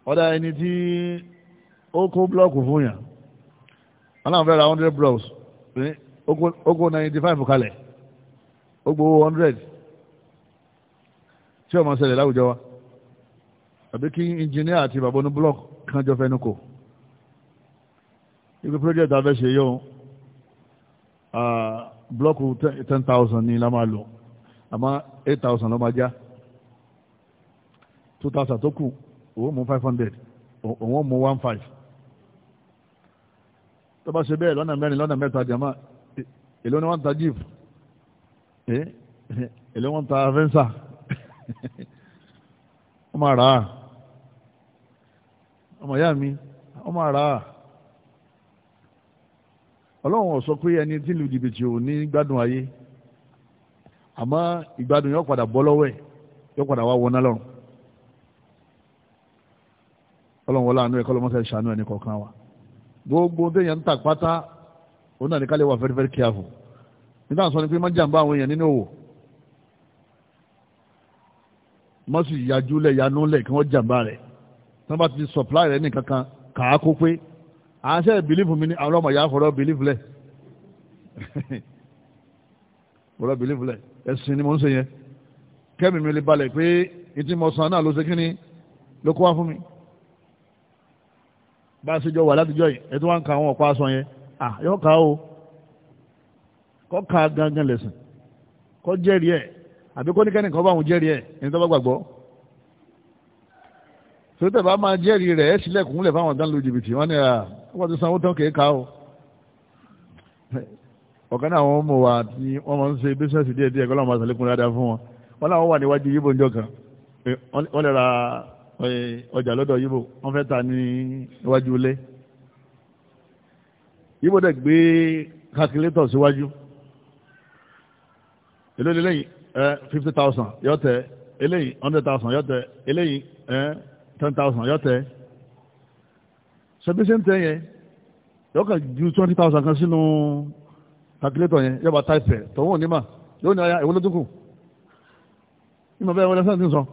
ọ̀dà ẹni tí ó kó búlọ́ọ̀kù fún yàn wọn fẹ́ ra hundred bros ní ogo ninety five kalẹ̀ ogo hundred tí ọmọ ṣẹlẹ̀ láwùjọ wa àbí kí engineer àti bàbá oní block kan jọ fẹnu kò ibi project abẹ́ ṣe yóò block ten thousand ni la máa lò àmọ́ eight thousand ló máa já two thousand tó kù òun mú five hundred òun mú one five. tó bá ṣe bẹ́ẹ̀ lọ́nà mẹ́rin lọ́nà mẹ́ta jama èló ni wọ́n ta jíìpù eh, èló wọ́n ta fẹ́ńsà [LAUGHS] wọ́n máa rà á ọmọ ìyá mi wọ́n máa rà á ọlọ́run ó pé ẹni tí lu jìbìtì ò ní gbádùn ayé àmọ́ ìgbádùn yóò padà bọ́ lọ́wọ́ ẹ̀ wa. gbogbo déyàn ń tà pátá òun náà ní kálẹ̀ wà fẹ́rẹ́fẹ́rẹ́ kí a fò nígbà sọ ni pé má jàǹbá àwọn èèyàn nínú òwò má sì yajúlẹ̀ yanúlẹ̀ kí wọ́n jàǹbá rẹ̀ tí wọ́n bá ti supply rẹ̀ nìkankan kà á kó pé à ń sẹ́yìn bìlífù mi ní àwọn ọmọ ìyá fọ̀rọ̀ bìlífù lẹ̀ [LAUGHS] fọ̀rọ̀ bìlífù lẹ̀ ẹ̀sìn ni mo ń ṣe yẹn kẹ́mi mi lè balẹ̀ pé ìtì mọ̀sán náà ló ṣe kí ni ló kó wá fún mi bá a ṣe jọ wà látijọ́ yìí ẹ̀ tí wọ́n ń ka àwọn ọ̀pá aṣọ yẹn à yọ ká o kọ́ ka gangan lẹ̀sìn kọ́ jẹ́rìí ẹ̀ àbí kó níkẹ́ni kan bá òun jẹ́rìí ẹ̀ ẹni tó bá gbàgbọ́ sọ́tẹ̀ bá máa jẹ́rìí rẹ̀ ẹ̀ sílẹ̀kùnlẹ̀ fáwọn dánlò jìbìtì wọ́n ní à wọ́n ti sanwó tán kìí ká o ọ̀kan náà wọ́n mọ̀ wá tí wọ́n máa ń ṣe bísíǹsì díẹ̀díẹ̀ kọ́ láwọn máa sàlékún dáadáa fún wọn wọ́n láwọn wà níwájú yíbo ńjọ kan wọ́n lè ra ọjà lọ́dọ̀ yíbo wọ́n fẹ́ ta ní iwájú ilé yíbo dẹ̀ gbé calculator síwájú èlò eléyìí fifty thousand yọ̀tẹ̀ eléyìí hundred thousand yọ̀tẹ̀ eléyìí ten thousand yọ̀tẹ̀ sẹ́bíṣẹ́ ń tẹ́ yẹn yọ̀kàn ju twenty thousand kan sínú calculator yẹn yọ̀bà type ẹ̀ tọ̀wọ́n ò ní mà yóò ní ọ̀ya ìwọlódúnkù ìmọ̀ bẹ́ẹ̀ wọlé sẹ́ǹtì sọ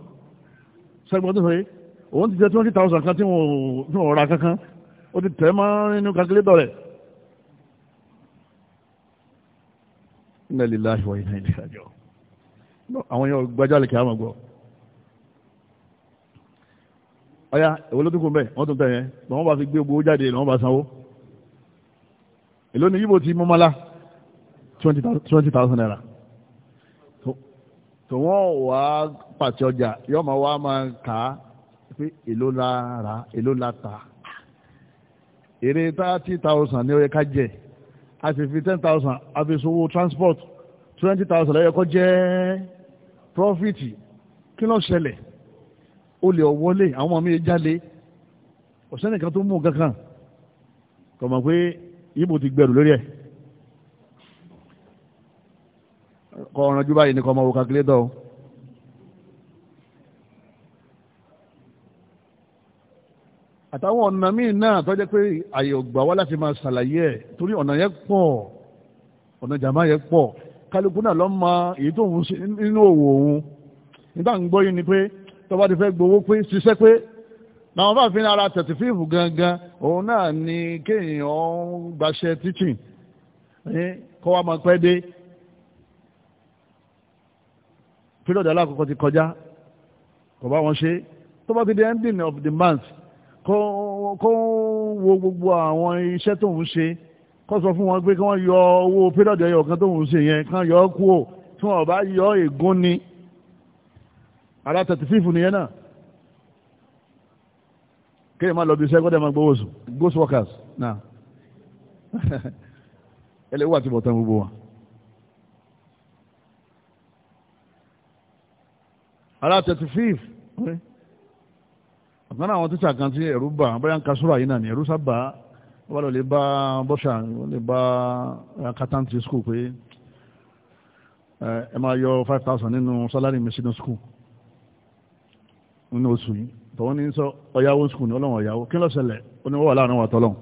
sẹ́gbọ́n tó fẹ́ òun ti jẹ́ twenty thousand kan tí wọ́n ra kankan ó ti tẹ̀ mọ́ nínú calculator rẹ̀. inna lillahi wa inna ilaihi raji'un àwọn yóò gbajálẹ̀ kí a máa gbọ́ ọ̀yá èwo ló dúkùn bẹ́ẹ̀ wọ́n tún tẹ̀ yẹn bọ́n wọ́n bá fi gbé owó jáde lọ́wọ́n bá sanwó èló ni yíbo ti mú twenty thousand naira tó wọ́n wà á pàtẹ ọjà yọ́ ma wá máa kà á pé èló la rà èló la tà èrè thirty thousand ní ó yẹ ká jẹ a sì fi ten thousand a fi ṣòwò transport twenty thousand lẹ́yẹ kọ́ jẹ́ profiti kí ló ṣẹlẹ̀ ó lè wọlé àwọn ọmọ mi jáde ọ̀sẹ́nìkan tó mú kankan kọ̀ mọ̀ pé ibo ti gbẹ̀rù lórí ẹ̀. kọ ọ̀rànjú báyìí ní kọ ọmọ wo calculator o àtàwọn ọ̀nà míì náà tó jẹ́ pé àyè ògbà wá láti máa ṣàlàyé ẹ̀ torí ọ̀nà yẹn pọ̀ ọ̀nà jàmá yẹn pọ̀ kálukú náà lọ́ ma èyí tó ń ṣe nínú òwò òun nígbà ń gbọ́ yìí ni pé tó bá ti fẹ́ gbowó pé ṣiṣẹ́ pé làwọn bá fi ní ara tẹ̀tí fíìmù gangan òun náà ni kéèyàn gbàṣẹ teaching kọ́ wa máa pẹ́ dé period alákọ̀ọ́kọ́ ti kọjá kò bá wọn ṣe tó bá ti di ending of the month kó wo gbogbo àwọn iṣẹ́ tó ń ṣe kó sọ fún wọn pé kí wọ́n yọ owó period ẹyọ kan tó ń ṣe yẹn kán yọ ọ́ kú ò tí wọ́n bá yọ ègún ni ara thirty five nìyẹn náà kéèyàn máa lọ bí iṣẹ́ kọ́dẹ̀ máa gbowó sùn ghost workers náà [LAUGHS] ẹ lè wà tí bọ̀ gbogbo wọn. ara thirty five ọ̀kan náà àwọn tíṣà kan tí ẹ̀rú bà bóyá ń ka sóra yìí náà ni ẹ̀rú sábà wọ́n lọ lè bá bọ́ṣà wọ́n lè bá eh, akatanti school pé eh, ẹ máa yọ five thousand nínú salary machine sínú school nínú oṣù yìí tọ́wọ́n ní sọ ọ̀yáwó school ní ọlọ́wọ̀n ọ̀yáwó kí ló ṣẹlẹ̀ ó ní wọ́n wà láàrin wa tọ́lọ́hún.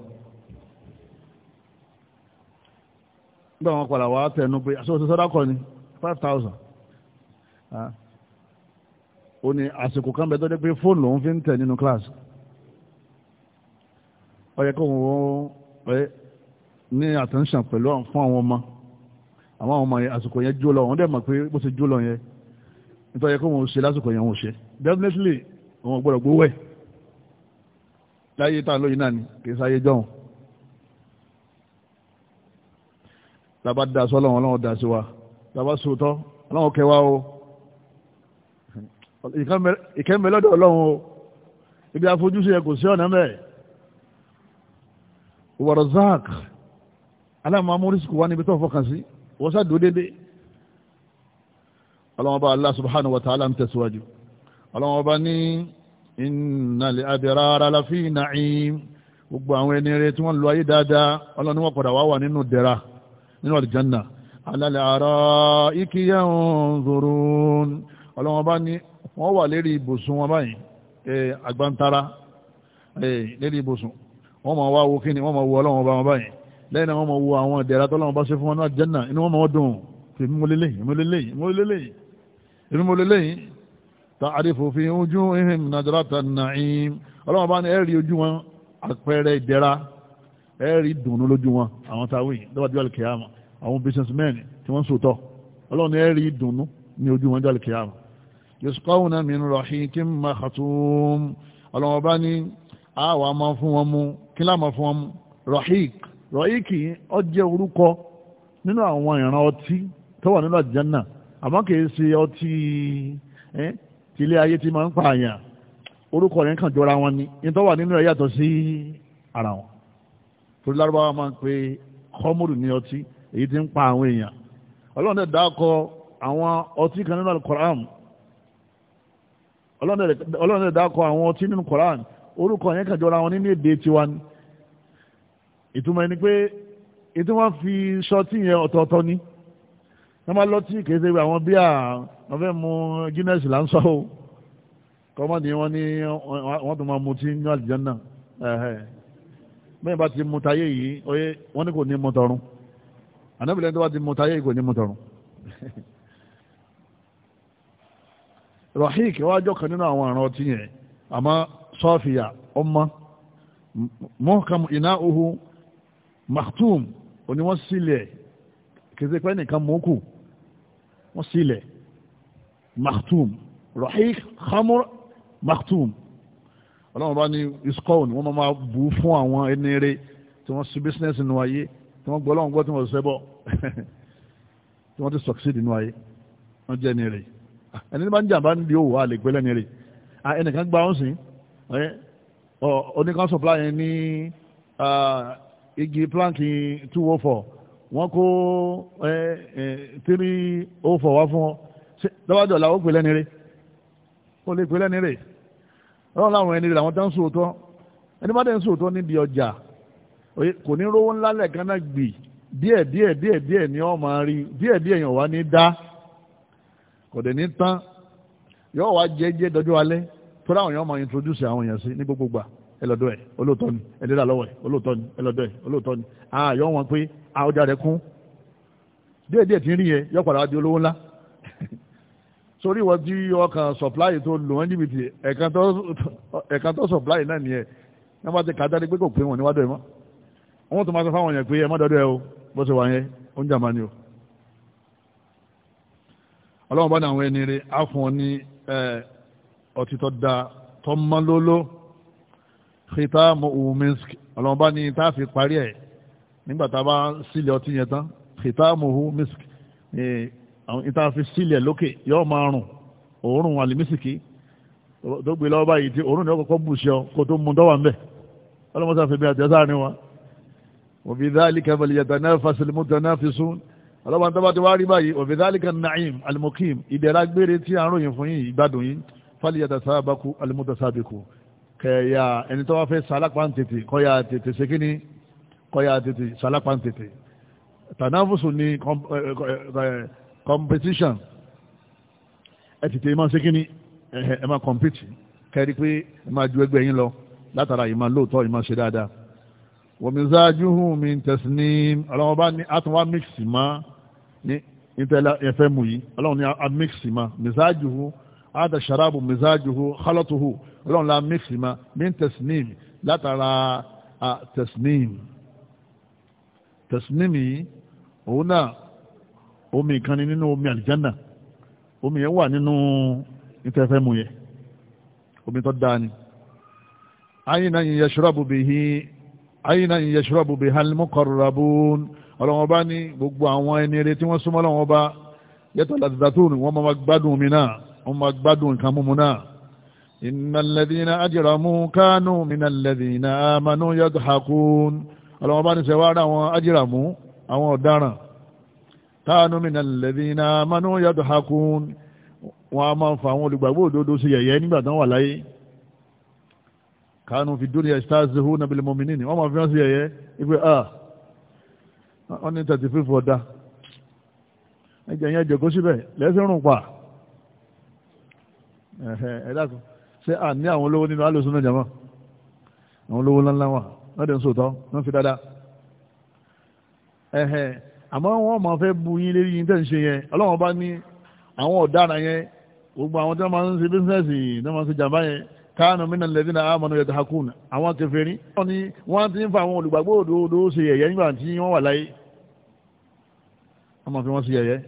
nígbà wọn padà wà á tẹnu pé àṣọ òṣìṣẹ́ sọ́dá kọ ni five thousand. Ah ó ní àsìkò kan bẹ tó dé pé fóònù lòun fi ń tẹ̀ nínú kíláàsì ó yẹ kó wọn ẹ ní attention pẹ̀lú fún àwọn ọmọ àwọn ọmọ yẹn àsìkò yẹn jó lọ wọn dẹ̀ mọ̀ pé bó ṣe jó lọ yẹn nítorí kó wọn ṣe lásìkò yẹn wọn ṣe definitely wọn gbọ́dọ̀ gbówẹ̀ láyé tá lóyìn náà ni kìí sáyé jọ̀hún lábá dá sọ́lọ́wọ́n ọlọ́wọ́ dá sí wa lábá sòótọ́ ọlọ́wọ́ kẹwàá o ìkẹ́mẹ́ lọ́dọ̀ ọlọ́run o ibi àfojúsí ẹ kò sí ọ̀nà mẹ́ warazak aláàmà amúrísìkò wá níbi tó fọkàn sí wọ́n sàdó dédé ọlọ́wọ́n bá Allah subhanahu wa ta'ala ń tẹ̀síwájú ọlọ́wọ́n bá ní innal abrara lafi na'im gbogbo àwọn ẹni rẹ tí wọ́n lọ ayé dáadáa ọlọ́ni wọ́n padà wá wà nínú dẹ̀ra nínú àlìjánà alal araiki yanzurun ọlọ́wọ́n bá ní wọ́n wà lérí ibùsùn wọn báyìí àgbàntara lérí ibùsùn wọ́n máa wá wo kí ni wọ́n máa wo ọlọ́run bá wọn báyìí lẹ́yìn náà wọ́n máa wo àwọn ìdẹ̀ra tọ́lọ́run bá ṣe fún wọn náà jẹ́nà inú wọn máa dùn èmi mo lélẹ́yìn èmi mo lélẹ́yìn èmi mo lélẹ́yìn èmi mo lélẹ́yìn ta'arifu fi wujuhihim nadrata na'im ọlọ́run bá ní ojú wọn àpẹẹrẹ ìdẹ̀ra ẹ yusqawna min rahiqin makhtum ọlọ́wọ́ bá ní àwọ̀ àmọ́ fún wọn mú kí láàmọ́ fún wọn mú rahiq rahiq ó jẹ́ orúkọ nínú àwọn ìran ọtí tó wà nínú àjánà àmọ́ kìí ṣe ọtí tí ilé ayé ti máa ń pààyàn orúkọ rẹ̀ kàn jọra wọn ni ní tó wà nínú ẹ̀ yàtọ̀ sí ara wọn torí lárúbáwá máa ń pe kọ́mùrù ní ọtí èyí tí ń pa àwọn èèyàn ọlọ́run náà dákọ àwọn ọtí kan nínú Al-Qur'an ọlọ́run ẹ̀dá kọ àwọn ọtí nínú koran orúkọ yẹn kàn jọra wọn nínú èdè tiwa ni ìtumọ̀ ẹni pé ètò wọn fi ṣọtí yẹn ọ̀tọ̀ọ̀tọ̀ ni wọ́n máa lọ́tí kèéṣe pé àwọn bíà wọ́n fẹ́ mu guinness là ń sọ o kọ́mọ́dé wọn ní wọ́n tún máa mutí ní àlìjánná bẹ́ẹ̀ bá ti mu tayé yìí wọ́n ní kò ní mu tọ̀run ànábìlẹ̀ tó bá ti mu tayé yìí kò ní mu tọ̀run. [LAUGHS] rahik wájọ́ kan nínú àwọn àrùn ọtí yẹn àmọ́ sọ́fìyà ọmọ mọ́kàmù iná ohu maktum òní wọ́n sílẹ̀ kìí pẹ́ nìkan mọ́kù wọ́n sílẹ̀ maktum rahik hamur maktum ọlọ́run bá ní iskọ́ọ̀ ni wọ́n máa bù fún àwọn ẹni tí wọ́n sí bísínẹ́sì nù ayé tí wọ́n gbọ́ lọ́wọ́n gbọ́ tí wọ́n sẹ́bọ̀ [LAUGHS] tí wọ́n ti succeed nù ayé wọ́n jẹ́ ẹni ẹni bá ń jàmbá ń di òwò àlè pẹ́lẹ́ ni rè ẹnìkan gba ọ̀hún sìn oníkan supply ní igi planki two oh four wọ́n kó three oh four wá fún ọ lọ́wọ́dọ̀ làwọn pẹ́lẹ́ ni rè ó lè pẹ́lẹ́ ni rè ọlọ́run láwọn ẹni rè àwọn tó ń sòótọ́ ẹni bá dẹ̀ ń sòótọ́ níbi ọjà kò ní rówó ńlá lẹ̀ gánà gbì díẹ̀ díẹ̀ díẹ̀ díẹ̀ ni ọ máa rí díẹ̀ díẹ̀ yẹn wà ní dá kò dẹ̀ ní tán yóò wá jẹ́jẹ́ dọ́jú alẹ́ tó dáhùn yóò máa introduce àwọn èèyàn sí ní gbogbo gbà ẹlọ́dọ̀ ẹ̀ ni ẹlẹ́dà lọ́wọ́ ẹ̀ olóòótọ́ ni ẹlọ́dọ̀ ẹ̀ olóòótọ́ ni àyọ̀ wọn pé ọjà rẹ̀ kún díẹ̀ díẹ̀ tí ń rí yẹn yóò padà di olówó ńlá [LAUGHS] sórí wọ́n tí ọkàn supply tó lò wọ́n níbi tí ẹ̀ka tó supply náà nìyẹn nígbà tí kàdá ni pé kò pé wọn níwájú ẹ̀ mọ́ wọn tó máa sọ fáwọn yẹn pé ẹ má dọ́dọ̀ ẹ o bó ṣe wà yẹn ó ń jà máa o ọlọ́run bá ní àwọn ẹni rẹ̀ á fún ọ ní ọtí tó da tó mọ́ lóló xita mo òun minsk ọlọ́run bá ní tá a fi parí ẹ̀ nígbà tá a bá sílẹ̀ ọtí yẹn tán xita mo òun minsk àwọn ìta fi sílẹ̀ lókè yóò máa rùn òórùn àlìmísìkì tó gbé lọ́wọ́ báyìí tí òórùn ní ọkọ̀ bù sí kó tó mú dọ́wà ńbẹ̀ ọlọ́mọsáfẹ́ bí àtẹ́sáà ni wa òbí dáálì kẹfẹ́lì yàtọ̀ náà ọlọ́wọ́n tó bá ti wá rí báyìí òbẹ̀dálíkà naim alimokim ìdẹ̀ra gbére tí a ń ròyìn fún yìí ìgbádùn yìí fàlìyàtà sábàkú alimutasabiku kẹ̀yà ẹni tó wá fẹ́ sálápá tètè kọ́yà tètè sékíní kọ́yà tètè sálápá tètè tànáfùsù ni competition ẹ tètè máa sékíní ẹ máa compete kẹ́rí pé ẹ máa ju ẹgbẹ́ yín lọ látara ìmọ̀ lóòótọ́ ìmọ̀ ṣe dáadáa wọ̀mìzájúhùn mi tẹ̀síní ọlọ́run bá ní àtúnwá mixi má ní ìfẹ́ mú yìí ọlọ́run ní a mixi má mìzájúhùn àdà ṣàrábù mìzájúhùn kálọ́tùhù ọlọ́run la mixi má mi tẹ̀síní látara tẹ̀síní tẹ̀síní mi òun náà omi kan ni nínú omi àlìjánà omi yẹn wà nínú ìfẹ́fẹ́ mu yẹn omi tó dáa ni ayin náà yẹn ṣọ́rọ́bù àyínà ìyẹ̀ṣọ́rọ̀bù bí halmuqarrabun ọlọ́wọ́n bá ní gbogbo àwọn ẹni eré tí wọ́n súnmọ́ ọlọ́wọ́n bá yẹ́tọ̀ làdàtún wọ́n máa gbádùn mi náà wọ́n máa gbádùn nǹkan mímu náà innal ladhina ajramu kanu minal ladhina amanu yadhakun ọlọ́wọ́n bá ní sẹ́wárà àwọn ajramu àwọn ọ̀daràn kanu minal ladhina amanu yadhakun wọ́n á máa fa àwọn olùgbàgbọ́ òdodo sí yẹ̀yẹ́ nígbà tán wà láyé kanu fi dúnìyà istazihuna bil mu'minina wọ́n máa fi wọ́n sí ẹ̀yẹ́ ipé ah wọ́n ní tàti fífọ́ dá ẹjẹ̀ yẹn jẹ́ kó síbẹ̀ lẹ́sẹ̀ rùn pa ẹ̀dákun ṣé à ní àwọn olówó nínú alùsùn náà jàmọ́ àwọn olówó ńláńlá wà lọ́dẹ̀ ń sòtọ́ wọ́n fi dáadáa ẹ̀hẹ̀ àmọ́ wọ́n máa fẹ́ bu yín lérí yín tẹ̀ ń ṣe yẹn ọlọ́wọ́n bá ní àwọn ọ̀daràn gbogbo àwọn tí wọ́n máa ń ṣe bísíǹsì tí wọ́n máa ń ṣe káànù mí nàlẹ́ dínà àmọ́nù yẹ̀dà hakùn àwọn kèfèrí wọ́n ni wọ́n ti ń fa àwọn olùgbàgbọ́ òdòdó ṣe yẹ̀yẹ́ nígbà tí wọ́n wà láyé wọ́n fi wọ́n ṣe yẹ̀yẹ́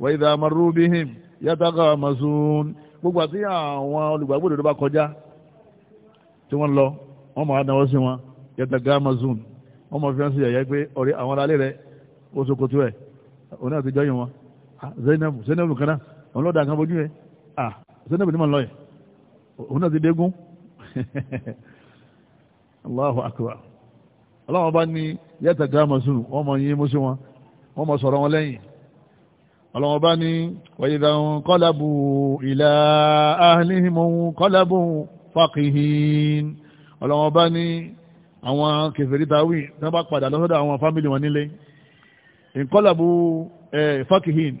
wa idha marru bihim yataghamazun gbogbo àti àwọn olùgbàgbọ́ òdòdó bá kọjá tí wọ́n lọ wọ́n máa dáwọ́ sí wọn yataghamazun wọ́n máa fi wọ́n ṣe yẹ̀yẹ́ pé ọ̀rẹ́ àwọn alẹ́ rẹ̀ ó sokoto ah Zainab ah, ni mà òun náà ti dégún Allahu akbar Allah bá ní yẹ́ta gáàmà sùn wọ́n mọ̀ yí mú sí wọn wọ́n mọ̀ sọ̀rọ̀ wọn lẹ́yìn Allah bá ní wàyídàn kọ́lábù ila ahlihim kọ́lábù faqihin Allah bá ní àwọn kèfèrí tàwí tán bá padà lọ́sọ́dọ̀ àwọn fámìlì wọn nílé ìkọ́lábù faqihin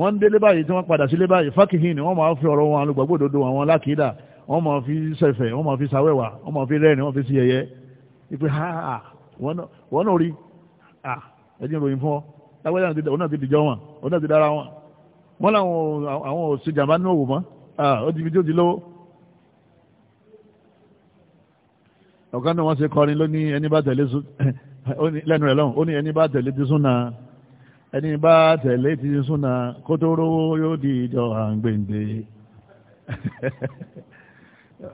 wọ́n délé báyìí tí wọ́n padà sílé báyìí faqihin wọ́n máa fi ọ̀rọ̀ wọn alùgbàgbòdodo àwọn alákìídà wọ́n máa fi ṣẹ̀fẹ̀ wọ́n máa fi ṣàwẹ̀wà wọ́n máa fi rẹ́rìn wọ́n fi sí yẹ̀yẹ́ ipe ha wọ́n náà rí ẹni ìròyìn fún ọ lágbájá náà ti dìjọ wọn òun náà ti dára wọn wọ́n láwọn àwọn òsè jàmbá ní òwò mọ́ ó ti fi tí ó ti lówó. ọ̀kan náà wọ́n ṣe kọrin ló ní ẹni bá tẹ̀lé [LAUGHS] lẹ́nu rẹ̀ lọ́hùn ó ní ẹni bá tẹ̀lé ti súnà ẹni bá tẹ̀lé ti súnà kótó rówó yóò di ìjọ àǹgbèǹde. [LAUGHS]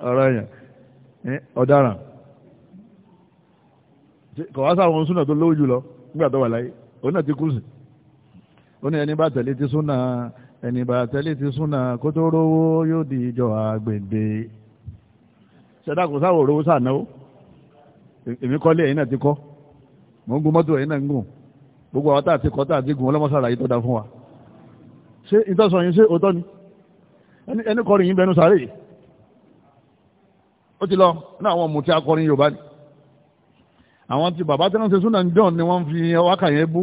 ọ̀rọ̀ èèyàn ọ̀daràn kọ̀ wá sáwọn súnà tó lówó jùlọ nígbà tó wà láyé òun náà ti kú ó ní ẹni bá ti súnà ẹni bá ti súnà kó tó rówó yóò di ìjọ àgbègbè ṣẹ̀dá kò sáwọ̀ sànáwó èmi kọ́lé ẹ̀yin ti kọ́ mò ń gun mọ́tò ẹ̀yin náà gbogbo àwọn tá a ti kọ́ tá a ti gùn ọlọ́mọsára da fún wa ṣé ṣé òótọ́ ni ẹni ó ti lọ ní àwọn ọmọ tí akọrin yorùbá ni àwọn ti bàbá tí wọ́n ṣe súnà john ni wọ́n fi wákà yẹn bú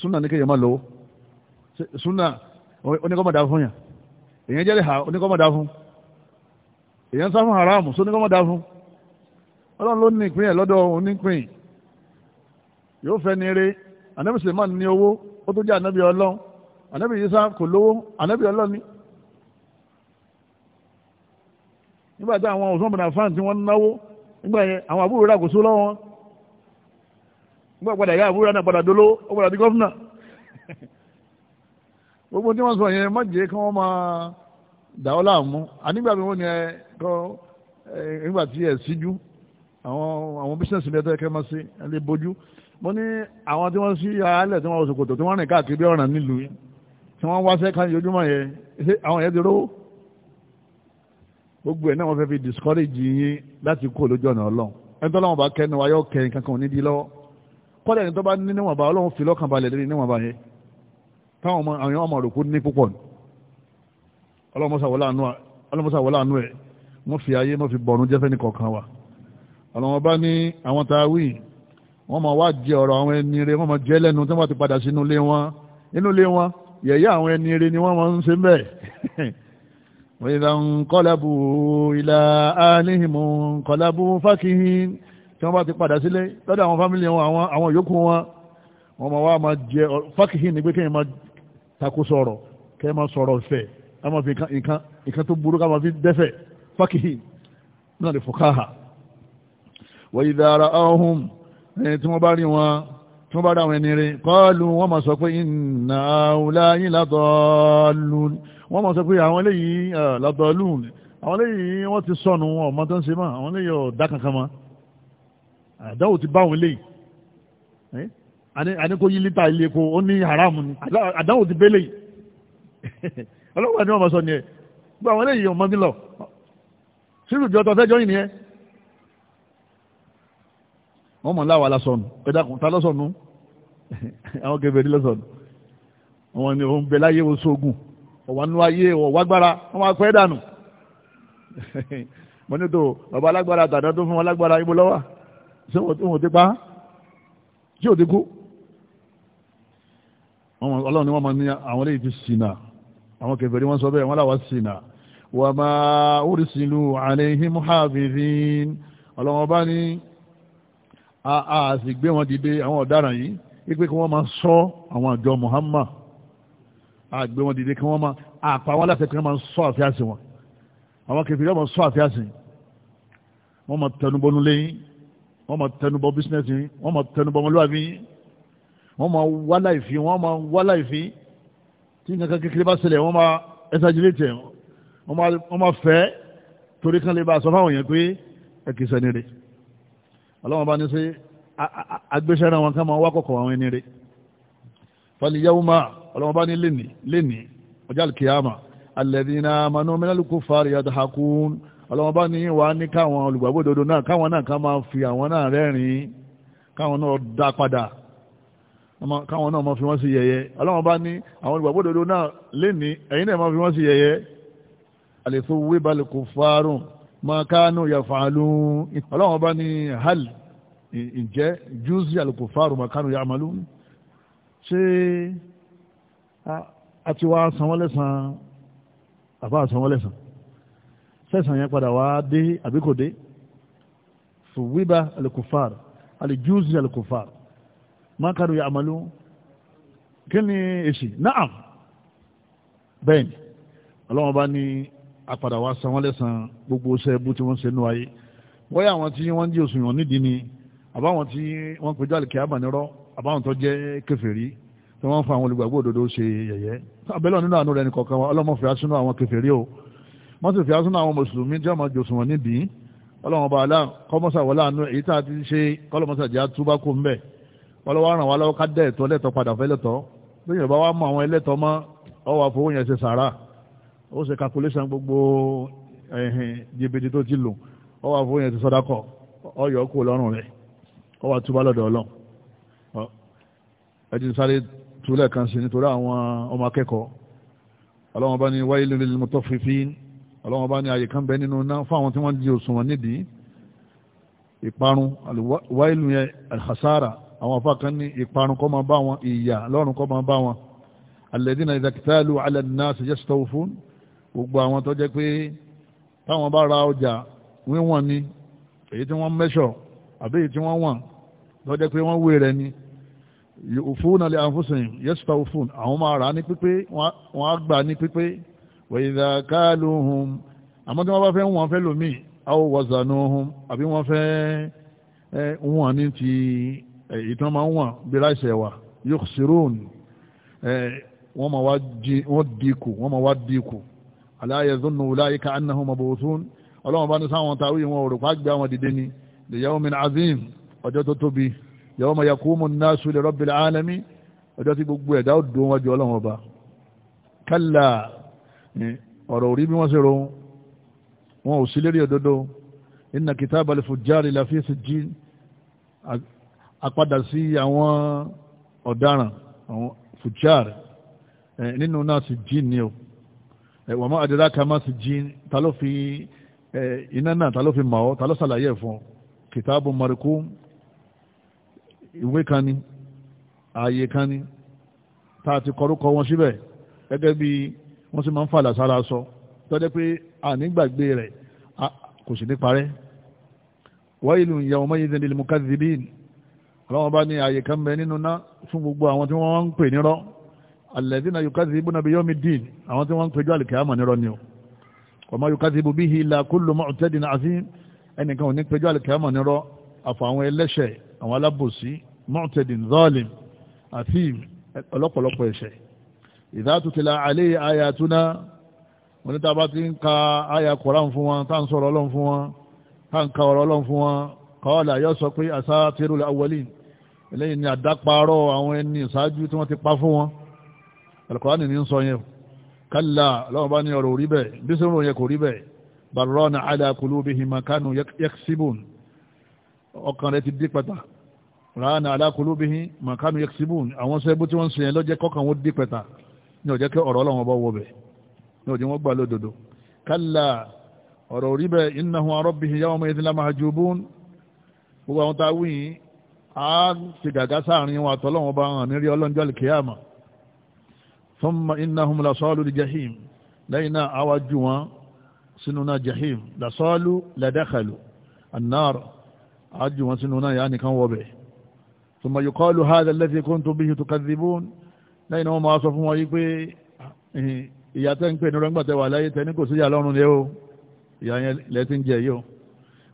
súnà ní kéèyàn máa lò ó súnà oníkọ́mọ̀dá fún yàn èyàn jẹ́rìí ha oníkọ́mọ̀dá fún èyàn sá fún haramu sí oníkọ́mọ̀dá fún ọlọ́run ló ní ìpín ẹ̀ lọ́dọ̀ onípín yóò fẹ́ ní eré anábì sèmán ní owó ó tó jẹ́ anábì ọlọ́run anábì yísà kò lówó anábì ọlọ́run ni nígbà tí àwọn Usman bin Affan tí wọ́n náwó nígbà yẹn àwọn àbúrò rà kò só lọ́wọ́ nígbà padà yá àbúrò náà padà dolo ó padà di gọ́fúnà [LAUGHS] gbogbo tí wọ́n sọ yẹn má jẹ́ kí wọ́n máa dà ọ́ láàmú ànígbà mi wọ́n ni ẹ kọ́ nígbà tí ẹ síjú àwọn àwọn bísíǹsì lẹ́tọ́ ẹ̀kẹ́ máa ṣe ẹ lè bójú mo ní àwọn tí wọ́n sí alẹ̀ tí wọ́n sòkòtò tí wọ́n rìn káàkiri ọ̀ràn nílùú tí wọ́n wáṣẹ́ káyọ̀júmọ́ yẹn àwọn yẹn ti rówó gbogbo ẹ̀ náà wọ́n fẹ́ fi discourage yín láti kó lójú ọ̀nà ọlọ́run ẹni tó lọ́wọ́n bá kẹ́ni wa yóò kẹ́ni kankan ní di lọ́wọ́ kọ́lẹ̀ ẹni tó bá ní níwọ̀nba ọlọ́run fi lọ́kàn balẹ̀ lórí níwọ̀nba yẹn táwọn ọmọ àwọn ọmọ òrùkú ní púpọ̀ ni ọlọ́mọsà wọlé àánú ẹ̀ wọ́n fi ayé wọ́n fi bọ̀rún jẹ́ fẹ́ni kọ̀ọ̀kan wa ọlọ́wọ́n bá ní àwọn tá a wí wọ́n máa wá jẹ ọ̀rọ̀ àwọn ẹni rẹ wọ́n máa jẹ́ lẹ́nu ni wọ́n [LAUGHS] وَإِذَا انقلبوا إلى آلهم انقلبوا فاكهين tí wọ́n bá ti padà sílé lọ́dọ̀ àwọn fámílì wọn àwọn yòókù wọn wọ́n ma wá ma jẹ fákìhìn ní pé kí n ma takò sọ̀rọ̀ kí n ma sọ̀rọ̀ fẹ̀ ká ma fi nǹkan tó burú ká ma fi dẹ́fẹ̀ fákìhìn náà lè fòkáhà wa idha ra'awhum tí wọ́n bá rí wọn tí wọ́n bá rí àwọn ẹni rí wọ́n ma sọ pé inna ha'ula'i ladallun wọ́n mọ̀ sọ pé àwọn eléyìí lọ́dọọlùn àwọn eléyìí wọ́n ti sọnù ọmọ tó ń ṣe mọ́ àwọn eléyìí ọ̀dá kankan mọ́ àdáwò ti bá àwọn eléyìí àní kó yí lítà ilé ko ó ní haramu ni àdáwò ti bẹ́lẹ̀ yìí [LAUGHS] ọlọ́pàá ni wọ́n mọ̀ sọ ni ẹ̀ gbọ́ àwọn eléyìí ọmọ mi lọ sírù jọ tọ́ fẹ́jọ́ yìí ni ẹ́ wọ́n mọ̀ láwa lásọ̀nù ẹ̀dàkùn ta lọ́sọ̀nù [LAUGHS] àwọn kẹfẹ́ ní lọ́sọ̀nù wọ́n ni òun bẹ láyé oṣogun ọ̀wà nú ayé ọ̀wágbára wọ́n máa pẹ́ dànù [LAUGHS] mo ní tó bàbá alágbára tàdá tó fún wọn alágbára ibo lọ́wọ́ ṣé wọn tó wọn ti pa ṣé ò ti kú ọlọ́run ni wọ́n máa ní àwọn eléyìí ti ṣìnà àwọn kèfèrí wọ́n sọ bẹ́ẹ̀ wọ́n láwa ṣìnà wà máa ursilu alaihim hafizin ọlọ́run ọba ní a sì gbé wọn dìde àwọn ọ̀daràn yìí pé kí wọ́n máa ṣọ́ àwọn àjọ Muhammad àgbẹ̀ wọn dìde kí wọ́n máa àpá wọn láti ẹ̀kọ́ máa ń sọ àfíà sí wọn àwọn kẹfì yóò máa sọ àfíà sí wọ́n máa tẹnubọnú lẹ́yìn wọ́n máa tẹnubọ bísínẹ́sì wọ́n máa tẹnubọ ọmọlúwàbí wọ́n máa wá láìfi wọ́n máa wá láìfi tí nǹkan kékeré bá ṣẹlẹ̀ wọ́n máa ẹ̀sàgìlẹ̀tẹ̀ wọ́n máa fẹ́ torí kan lè bá aṣọ fáwọn èèyàn pé ẹ̀kìsẹ̀ nire ọlọ́wọ́n bá ní sí agbésẹ́ràn wọn ká máa wá kọ̀kọ̀ àwọn ẹni rẹ̀ fàlìyàwùmá ọlọ́wọ́n bá ní lẹ́ni lẹ́ni ọjọ́ alkiyama alẹ́dínà manú mẹ́lẹ́lùkú fàárí adahakun ọlọ́wọ́n bá ní wà ní káwọn olùgbàgbódodo náà káwọn náà ká máa fi àwọn náà rẹ́rìn káwọn náà dá padà káwọn náà máa fi wọ́n sí yẹ̀yẹ́ ọlọ́wọ́n bá ní àwọn olùgbàgbódodo náà lẹ́ni ẹ̀yin náà máa fi wọ́n sí yẹ̀yẹ́ àlèso wíbalùkú fàárùn máa kánú yàfàálù ọlọ́wọ́n bá ní hal ìjẹ́ júùsì àlùkù fàárùn máa kánú yàmàlú ṣé a ti wá sanwọ́lẹ́sàn àbá sanwọ́lẹ́sàn sẹ́sàn yẹn padà wá dé àbí kò dé fòwíbà alikufar. alìjúùsì alìkùfàr mákàrù yà àmàlú kí ni èsì náà bẹ́ẹ̀ ni ọlọ́wọ́n bá ní apadà wá sanwọ́lẹ́sàn gbogbo sẹ́ẹ̀bù tí wọ́n ṣe nú ayé wọ́yà àwọn tí wọ́n jí òṣùwọ̀n nídìí ni àbáwọn tí wọ́n pẹ̀jọ́ àlìkẹ́ àbànírọ́ àbáwọn tó jẹ́ kèfèrí tí wọ́n fa àwọn olùgbàgbọ́ òdodo ṣe yẹ̀yẹ́ abẹ́lẹ̀ nínú àánú rẹ̀ nìkọ̀ọ̀kan wa ọlọ́mọ fi asúnú àwọn kèfèrí o wọ́n sì fi asúnú àwọn mùsùlùmí jẹ́ ọmọ jòsùn wọn níbí ọlọ́mọ bá aláà kọ́mọ́sà wọlé àánú èyí tá a ti ṣe kọ́lọ́mọ́sà jẹ́ àtúbá kó ń bẹ̀ ọlọ́wọ́ ràn wá lọ́wọ́ ká dẹ́ ẹ̀tọ́ lẹ́tọ́ padà fẹ́ lẹ́tọ́ bí yorùbá wa mọ àwọn ẹlẹ́tọ́ mọ́ ọwọ́ àfọwọ́ yẹn ṣe sàrà ó ṣe calculation gbogbo jìbìtì tó ti lò ọwọ́ àfọwọ́ yẹn ṣe sọ́dákọ̀ ọyọ̀ kó lọ́rùn rẹ̀ ọwọ́ àtúbá lọ́dọ̀ ọlọ́run ẹjì sáré túlẹ̀ kan sí nítorí àwọn ọmọ akẹ́kọ̀ọ́ ọlọ́wọ́n bá ní wailul lil mutaffifin ọlọ́wọ́n bá ní àyè kan bẹ nínú náà fún àwọn tí wọ́n di òṣùwọ̀n nídìí ìparun wáìlù yẹn alhasara àwọn afá kan ní ìparun kọ́ máa bá wọn ìyà lọ́rùn kọ́ máa bá wọn alladhina idha iktalu ala an gbogbo àwọn tó jẹ́ pé táwọn bá ra ọjà wíwọ̀n ni èyí tí wọ́n mẹ́ṣọ̀ àbí èyí tí wọ́n wọ̀n tó jẹ́ pé wọ́n wé rẹ̀ ni òfúnà lè àǹfọ́sìn yẹ́sùfà òfún àwọn máa rà ní pípé wọ́n á gbà ní pípé wẹ̀yìdà káàlùhùn àmọ́ tí wọ́n bá fẹ́ wọ́n fẹ́ lòmí àwọ̀ wọ̀zànùhùn àbí wọ́n fẹ́ wọ́n ní ti ìtàn máa ń bí láìsẹ̀ wà yóò ṣerún wọ́n máa wá dínkù wọ́n máa wá dínkù aláyẹ̀zónù láyíká annahum mabòsún ọlọ́run bá ní sáwọn táwí yawma yaqumu an-nasu li rabbil alamin ọjọ́ tí gbogbo ẹ̀dá ó dùn wájú ọlọ́run ọba kálà ọ̀rọ̀ orí bí wọ́n ṣe rohun wọn ò sí lérí òdodo inna kitaba al-fujjari lafi sijjin apadà sí àwọn ọ̀daràn àwọn fujjari nínú náà sijjin ni o wa ma adraka ma sijjin ta ló fi iná náà ta ló fi mọ̀ ọ́ ta ló ṣàlàyé fún kitabun marqum ìwé kan ni ààyè kan ni tá a ti kọrúkọ wọn síbẹ̀ gẹ́gẹ́ bí wọ́n sì máa ń fàlà sára sọ tọ́jẹ́ pé ànígbàgbé rẹ̀ kò sì ní parẹ́ wailun yawmaidhin lil mukaththibin ọlọ́wọ́n bá ní ààyè kan bẹ nínú ná fún gbogbo àwọn tí wọ́n ń pè nírọ́ alladhina yukaththibuna bi yawmiddin àwọn tí wọ́n ń pèjọ́ àlìkìyàmọ̀ nírọ́ ni o wama yukaththibu bihi illa kullu mu'tadin azim ẹnìkan ò ní pèjọ́ àlìkìyàmọ̀ nírọ́ àfọ àwọn ẹlẹ́ṣẹ̀ àwọn alábòsí mu'tadin zalim àti ọlọ́pọ̀lọpọ̀ ẹ̀ṣẹ̀ idha tutla alayhi ayatuna wọn níta bá ti ń ka àyà Kùránì fún wọn tá ń sọ̀rọ̀ ọlọ́run fún wọn tá ń ka ọ̀rọ̀ ọlọ́run fún wọn qala yóò sọ pé asatirul awwalin eléyìí ni àdáparọ́ àwọn ẹni ìṣáájú tí wọ́n ti pa fún wọn Al-Qur'ani ń sọ yẹn kálá ọlọ́run bá ní ọ̀rọ̀ orí bẹ́ẹ̀ bí sẹ́wọ̀n yẹ kò rí bẹ́ẹ̀ bal rana ala qulubihim ma ọkàn rẹ̀ ti dé pẹ̀tà ràánà alákòólóbìnrin màkánù yẹksibun àwọn sẹ́bù tí wọ́n ń sèyàn lọ́jẹ́ kọ́kàn wọn dé pẹ̀tà ní ọ̀jẹ́ kẹ́ ọ̀rọ̀ ọlọ́wọ́n bá wọbẹ̀ ní ọ̀jẹ́ wọn gbà lódodo kálá ọ̀rọ̀ orí bẹ́ẹ̀ innahum rabbihim yawma idhin lamahjubun gbogbo àwọn tá a wí yìí á ti gàgá sáàrin wọn àtọ́lọ́wọ́n bá hàn nírí ọlọ́njọ́ alìkèyàmà thumma innahum lasọ́ọ̀lù jahim lẹ́yìn náà àwájú wọn sínú náà jahim lasọ́ọ̀lù ladakhalu annar àjù wọn sínú náà yà nìkan wọ bẹ̀ thumma yuqalu hadha alladhi kuntum bihi tukadhibun lẹ́yìn náà wọ́n máa sọ fún wọn yí pé ìyá tẹ́ ń pè ní rẹ́ngbàtẹ́ wà láyé tẹ́ ní kò síyà lọ́rùn lé o ìyá yẹn lẹ́tí ń jẹ yìí o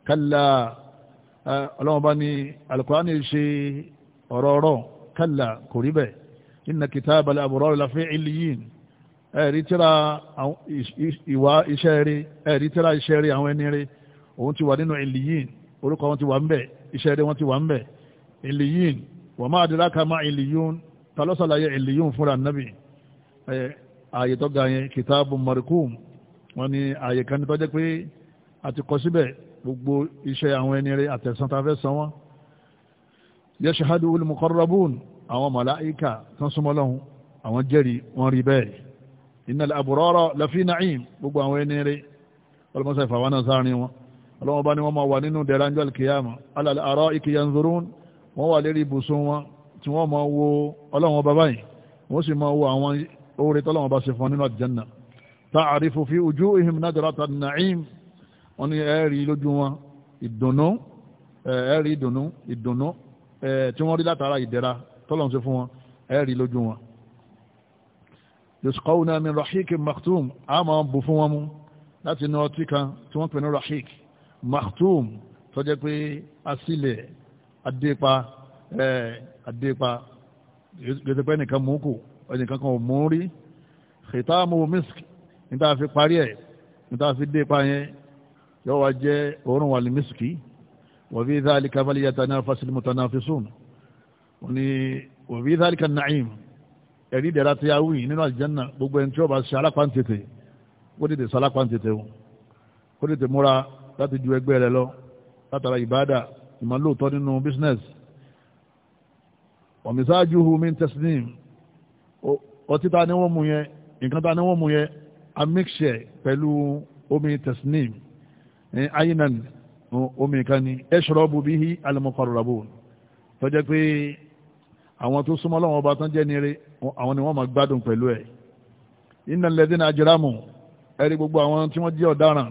kálá ọlọ́wọ́n bá ní alukurani ṣe ọ̀rọ̀ ọ̀rọ̀ kálá kò rí bẹ́ẹ̀ inna kitab al-abrar lafi illiyin ẹ̀rí tíra ìwà iṣẹ́ rí ẹ̀rí tíra iṣẹ́ rí àwọn ẹni rí òun ti wà nínú illiyin orúkọ wọn ti wà ń bẹ̀ iṣẹ́ eré wọn ti wà ń bẹ̀ ìlìyìn wọ́n máa dira ká máa ìlìyìn ta ló ṣàlàyé ìlìyìn fúnra nàbì ààyè tó ga yẹn kìtàbù markum wọn ni ààyè kan tó jẹ́ pé a ti kọ síbẹ̀ gbogbo iṣẹ́ àwọn ẹni rẹ àtẹ̀sán tá a fẹ́ san wọn yashahadu al-muqarrabun àwọn màláìka tán súnmọ́ àwọn jẹ́rìí wọn rí bẹ́ẹ̀ innal abrara lafi na'im gbogbo àwọn ẹni rẹ ọlọ́mọṣẹ́ ìfàwọn ọlọ́wọ́n bá ní wọ́n máa wà nínú dẹ̀ránjọ́ alkiyama alàlẹ́ àrá ìkìyà ń zorún wọ́n wà lérí ibùsùn wọn tí wọ́n máa wo ọlọ́wọ́n bá báyìí wọ́n sì máa wo àwọn oore tọ́lọ́wọ́n bá ṣe fún nínú àjẹ́nà ta'arifu fi wujuhihim nadrata na'im wọ́n ní ẹ̀rí lójú wọn ìdùnnú ẹ̀rí ìdùnnú ìdùnnú tí wọ́n rí látara ìdẹ̀ra tọ́lọ́wọ́n ṣe fún wọn ẹ̀rí lójú wọn yusqawna min rahiqin maktum a bù fún wọn mú láti inú ọtí kan tí wọ́n pè ní rahik maktum tó jẹ́ pé asílẹ̀ adépa adépa gẹ́gẹ́ pé ẹnìkan mú kù ẹnìkan kan ò mú rí khitamu misk níta fi parí ẹ̀ níta fi dépa yẹn yóò wá jẹ́ òórùn wà ní miski wa fi dhalika falyatanafasil mutanafisun wa fi dhalika na'im ẹ̀rí ìdẹ̀ra ti awú nínú àlìjánná gbogbo ẹni tí ó bá ṣe alápáǹtètè kó tètè ṣe alápáǹtètè o kó tètè múra láti ju ẹgbẹ́ rẹ lọ látara ìbáàdà ìmọ̀lóòtọ́ nínú business ọ̀mísáájú min teslim ọtí ta ni wọ́n mu yẹn nǹkan ta ni wọ́n mu yẹn a mixture pẹ̀lú omi teslim ayinan omi kan ni ẹ̀ṣọ́rọ́bù bihi al-muqarrabun tó jẹ́ pé àwọn tó súnmọ́ lọ́wọ́ ọba tán jẹ́ nire àwọn ni wọ́n máa gbádùn pẹ̀lú ẹ̀ innal ladhina ẹ̀rí gbogbo àwọn tí wọ́n jẹ́ ọ̀daràn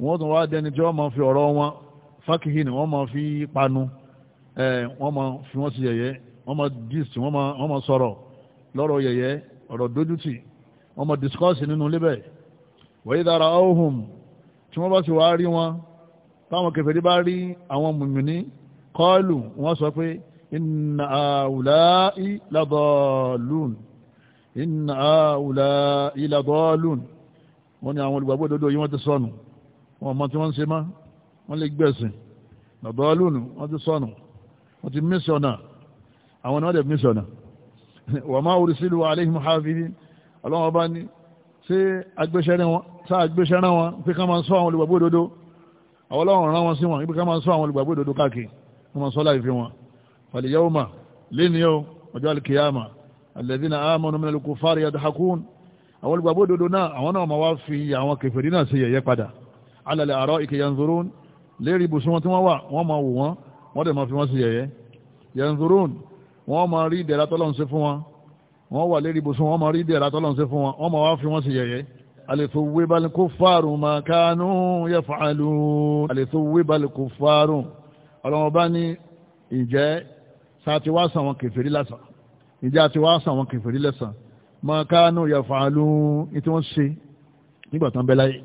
wọ́n tún wá dẹni tí wọ́n máa fi ọ̀rọ̀ wọn fákìhì ni wọ́n máa fi panu wọ́n máa fi wọ́n sí yẹ̀yẹ́ wọ́n máa gist wọ́n máa sọ̀rọ̀ lọ́rọ̀ yẹ̀yẹ́ ọ̀rọ̀ dójútì wọ́n máa discuss nínú lébẹ̀ wọ́n dára ọ̀hún tí wọ́n bá sì wá rí wọn táwọn kèfèrí bá rí àwọn mùmìnì kọ́ọ̀lù wọ́n sọ pé inna àwùláì ladọ́ọ̀lùn inna àwùláì ladọ́ọ̀lùn wọ́n ní àwọn olùgbàgbọ́ òdodo yìí wọ́n ti sọnù wọn mọ tí wọ́n ń ṣe má wọ́n lè gbẹ̀sìn bàbá olóòlù wọ́n ti sọnù wọ́n ti mísì ọ̀nà àwọn ni wọ́n dẹ̀ mísì ọ̀nà [LAUGHS] wọ́n máa orí sílùú aléhìm hafihi ọlọ́wọ́n bá ní ṣé agbéṣẹ́ rán wọn pé ká máa sọ àwọn olùgbàgbọ́ òdodo àwọn ọlọ́wọ́n rán wọn sí wọn pé ká máa sọ àwọn olùgbàgbọ́ òdodo káàkiri wọ́n máa sọ láì fi wọn fàlẹ̀ yẹ́wò mà lẹ́ni yẹ́wò ọjọ́ alìkìyàmà alladhina amanu minal kufari yadhakun àwọn olùgbàgbọ́ òdodo náà àwọn náà máa wá fi àwọn kèfèrí náà sí yẹ̀yẹ́ padà ala al-ara'ik yanzurun lérí ibùsùn wọn tí wọ́n wà wọ́n máa wò wọ́n wọ́n dẹ̀ máa fi wọ́n sí yẹ̀yẹ́ yanzurun wọ́n máa rí ìdẹ̀ra tọ́lọ́run ṣe fún wọn wọ́n wà lérí ibùsùn wọ́n máa rí ìdẹ̀ra tọ́lọ́run ṣe fún wọn wọ́n máa wá fi wọ́n sí yẹ̀yẹ́ alithowibal kufaru ma kanu yaf'alun alithowibal kufaru ọlọ́wọ́n bá ní ìjẹ́ sáti wá sàn wọn kèfèrí lásán ìjẹ́ àti wá sàn wọn kèfèrí lẹ́sàn ma kanu yaf'alun ní tí wọ́n ṣe nígbà tán bẹ́láyé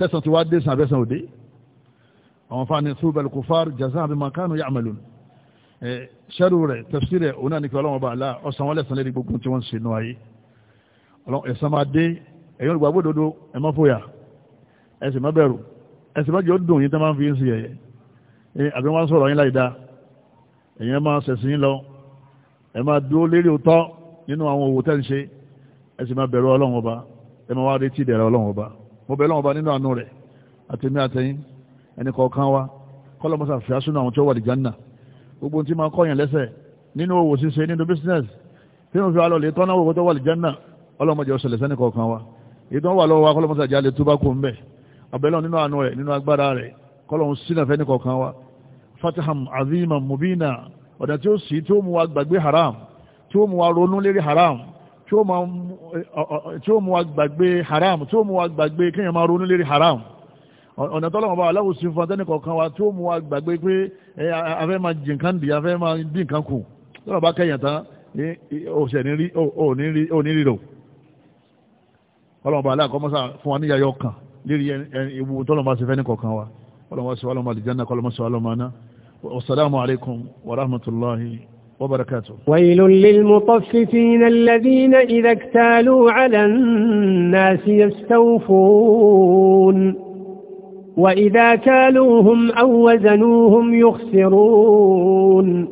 sẹ́sàn ti wá dé sàn àbẹ́sàn òde àwọn fani thubal kufar jazaa bima kanu ya'malun ṣẹ́rù rẹ̀ tẹ̀sí rẹ̀ òun náà ní kí ọlọ́run bá àlá ọ̀sán wọn lẹ́sàn lérí gbogbo tí wọ́n ń ṣe nù ayé ẹ̀sán máa dé ẹ̀yọ́ ìgbà gbódodo ẹ̀ má fòyà ẹ̀sìn má bẹ̀rù ẹ̀sìn má jẹ́ ó dùn yín tẹ́ máa ń fi ń sí ẹ̀yẹ àbí wọ́n sọ̀rọ̀ yín láì dáa ẹ̀yẹn máa ṣẹ̀sìn lọ ẹ máa dúró lérí òótọ́ nínú àwọn òwò tẹ́ ń ṣe ẹ̀sìn má bẹ̀rù ọlọ́run ọba ẹ máa wá retí ìdẹ̀rẹ̀ ọlọ́run ọba mo bẹ̀ lọ́wọ́ bá nínú àánú rẹ̀ àtẹ̀mí àtẹ̀yìn ẹnì kọ̀ọ̀kan wa kọ́lọ́mọ́sà fi asúnà àwọn tí ó wà lìjánà gbogbo tí máa kọ́yàn lẹ́sẹ̀ nínú owó ṣíṣe nínú business tí wọ́n fi wá lọ́lẹ̀ tọ́ná owó tó wà lìjánà ọlọ́mọdé ọ̀sẹ̀ lẹ́sẹ̀ nìkọ̀ọ̀kan wa ìdán wà lọ́wọ́ wa kọ́lọ́mọ́sà jà lè túbá kó ń bẹ̀ abẹ́lọ́ nínú àánú tí ó mú wa gbàgbé haram tí ó mú wa gbàgbé kéèyàn máa ronú lérí haram ọ̀nà tọ́lọ́wọ́n bá aláwọ̀ sí fún atẹ́nì kọ̀ọ̀kan wa tí ó mú wa gbàgbé pé afẹ́ máa jìn kan dì afẹ́ máa dín kan kù tọ́lọ́wọ́n bá kẹ́yìn tán òṣè ní rírò ọlọ́wọ́n bá aláàkọ́ mọ́sá fún wa ní yayọ kan lérí ewu tọ́lọ́wọ́n bá ṣe fẹ́ ní kọ̀ọ̀kan wa ọlọ́wọ́n sọ ọlọ́wọ́n àlìjáná وبركاته ويل للمطففين الذين إذا اكتالوا على الناس يستوفون وإذا كالوهم أو وزنوهم يخسرون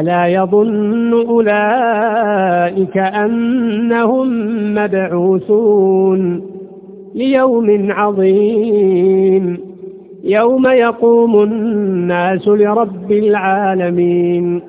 ألا يظن أولئك أنهم مبعوثون ليوم عظيم يوم يقوم الناس لرب العالمين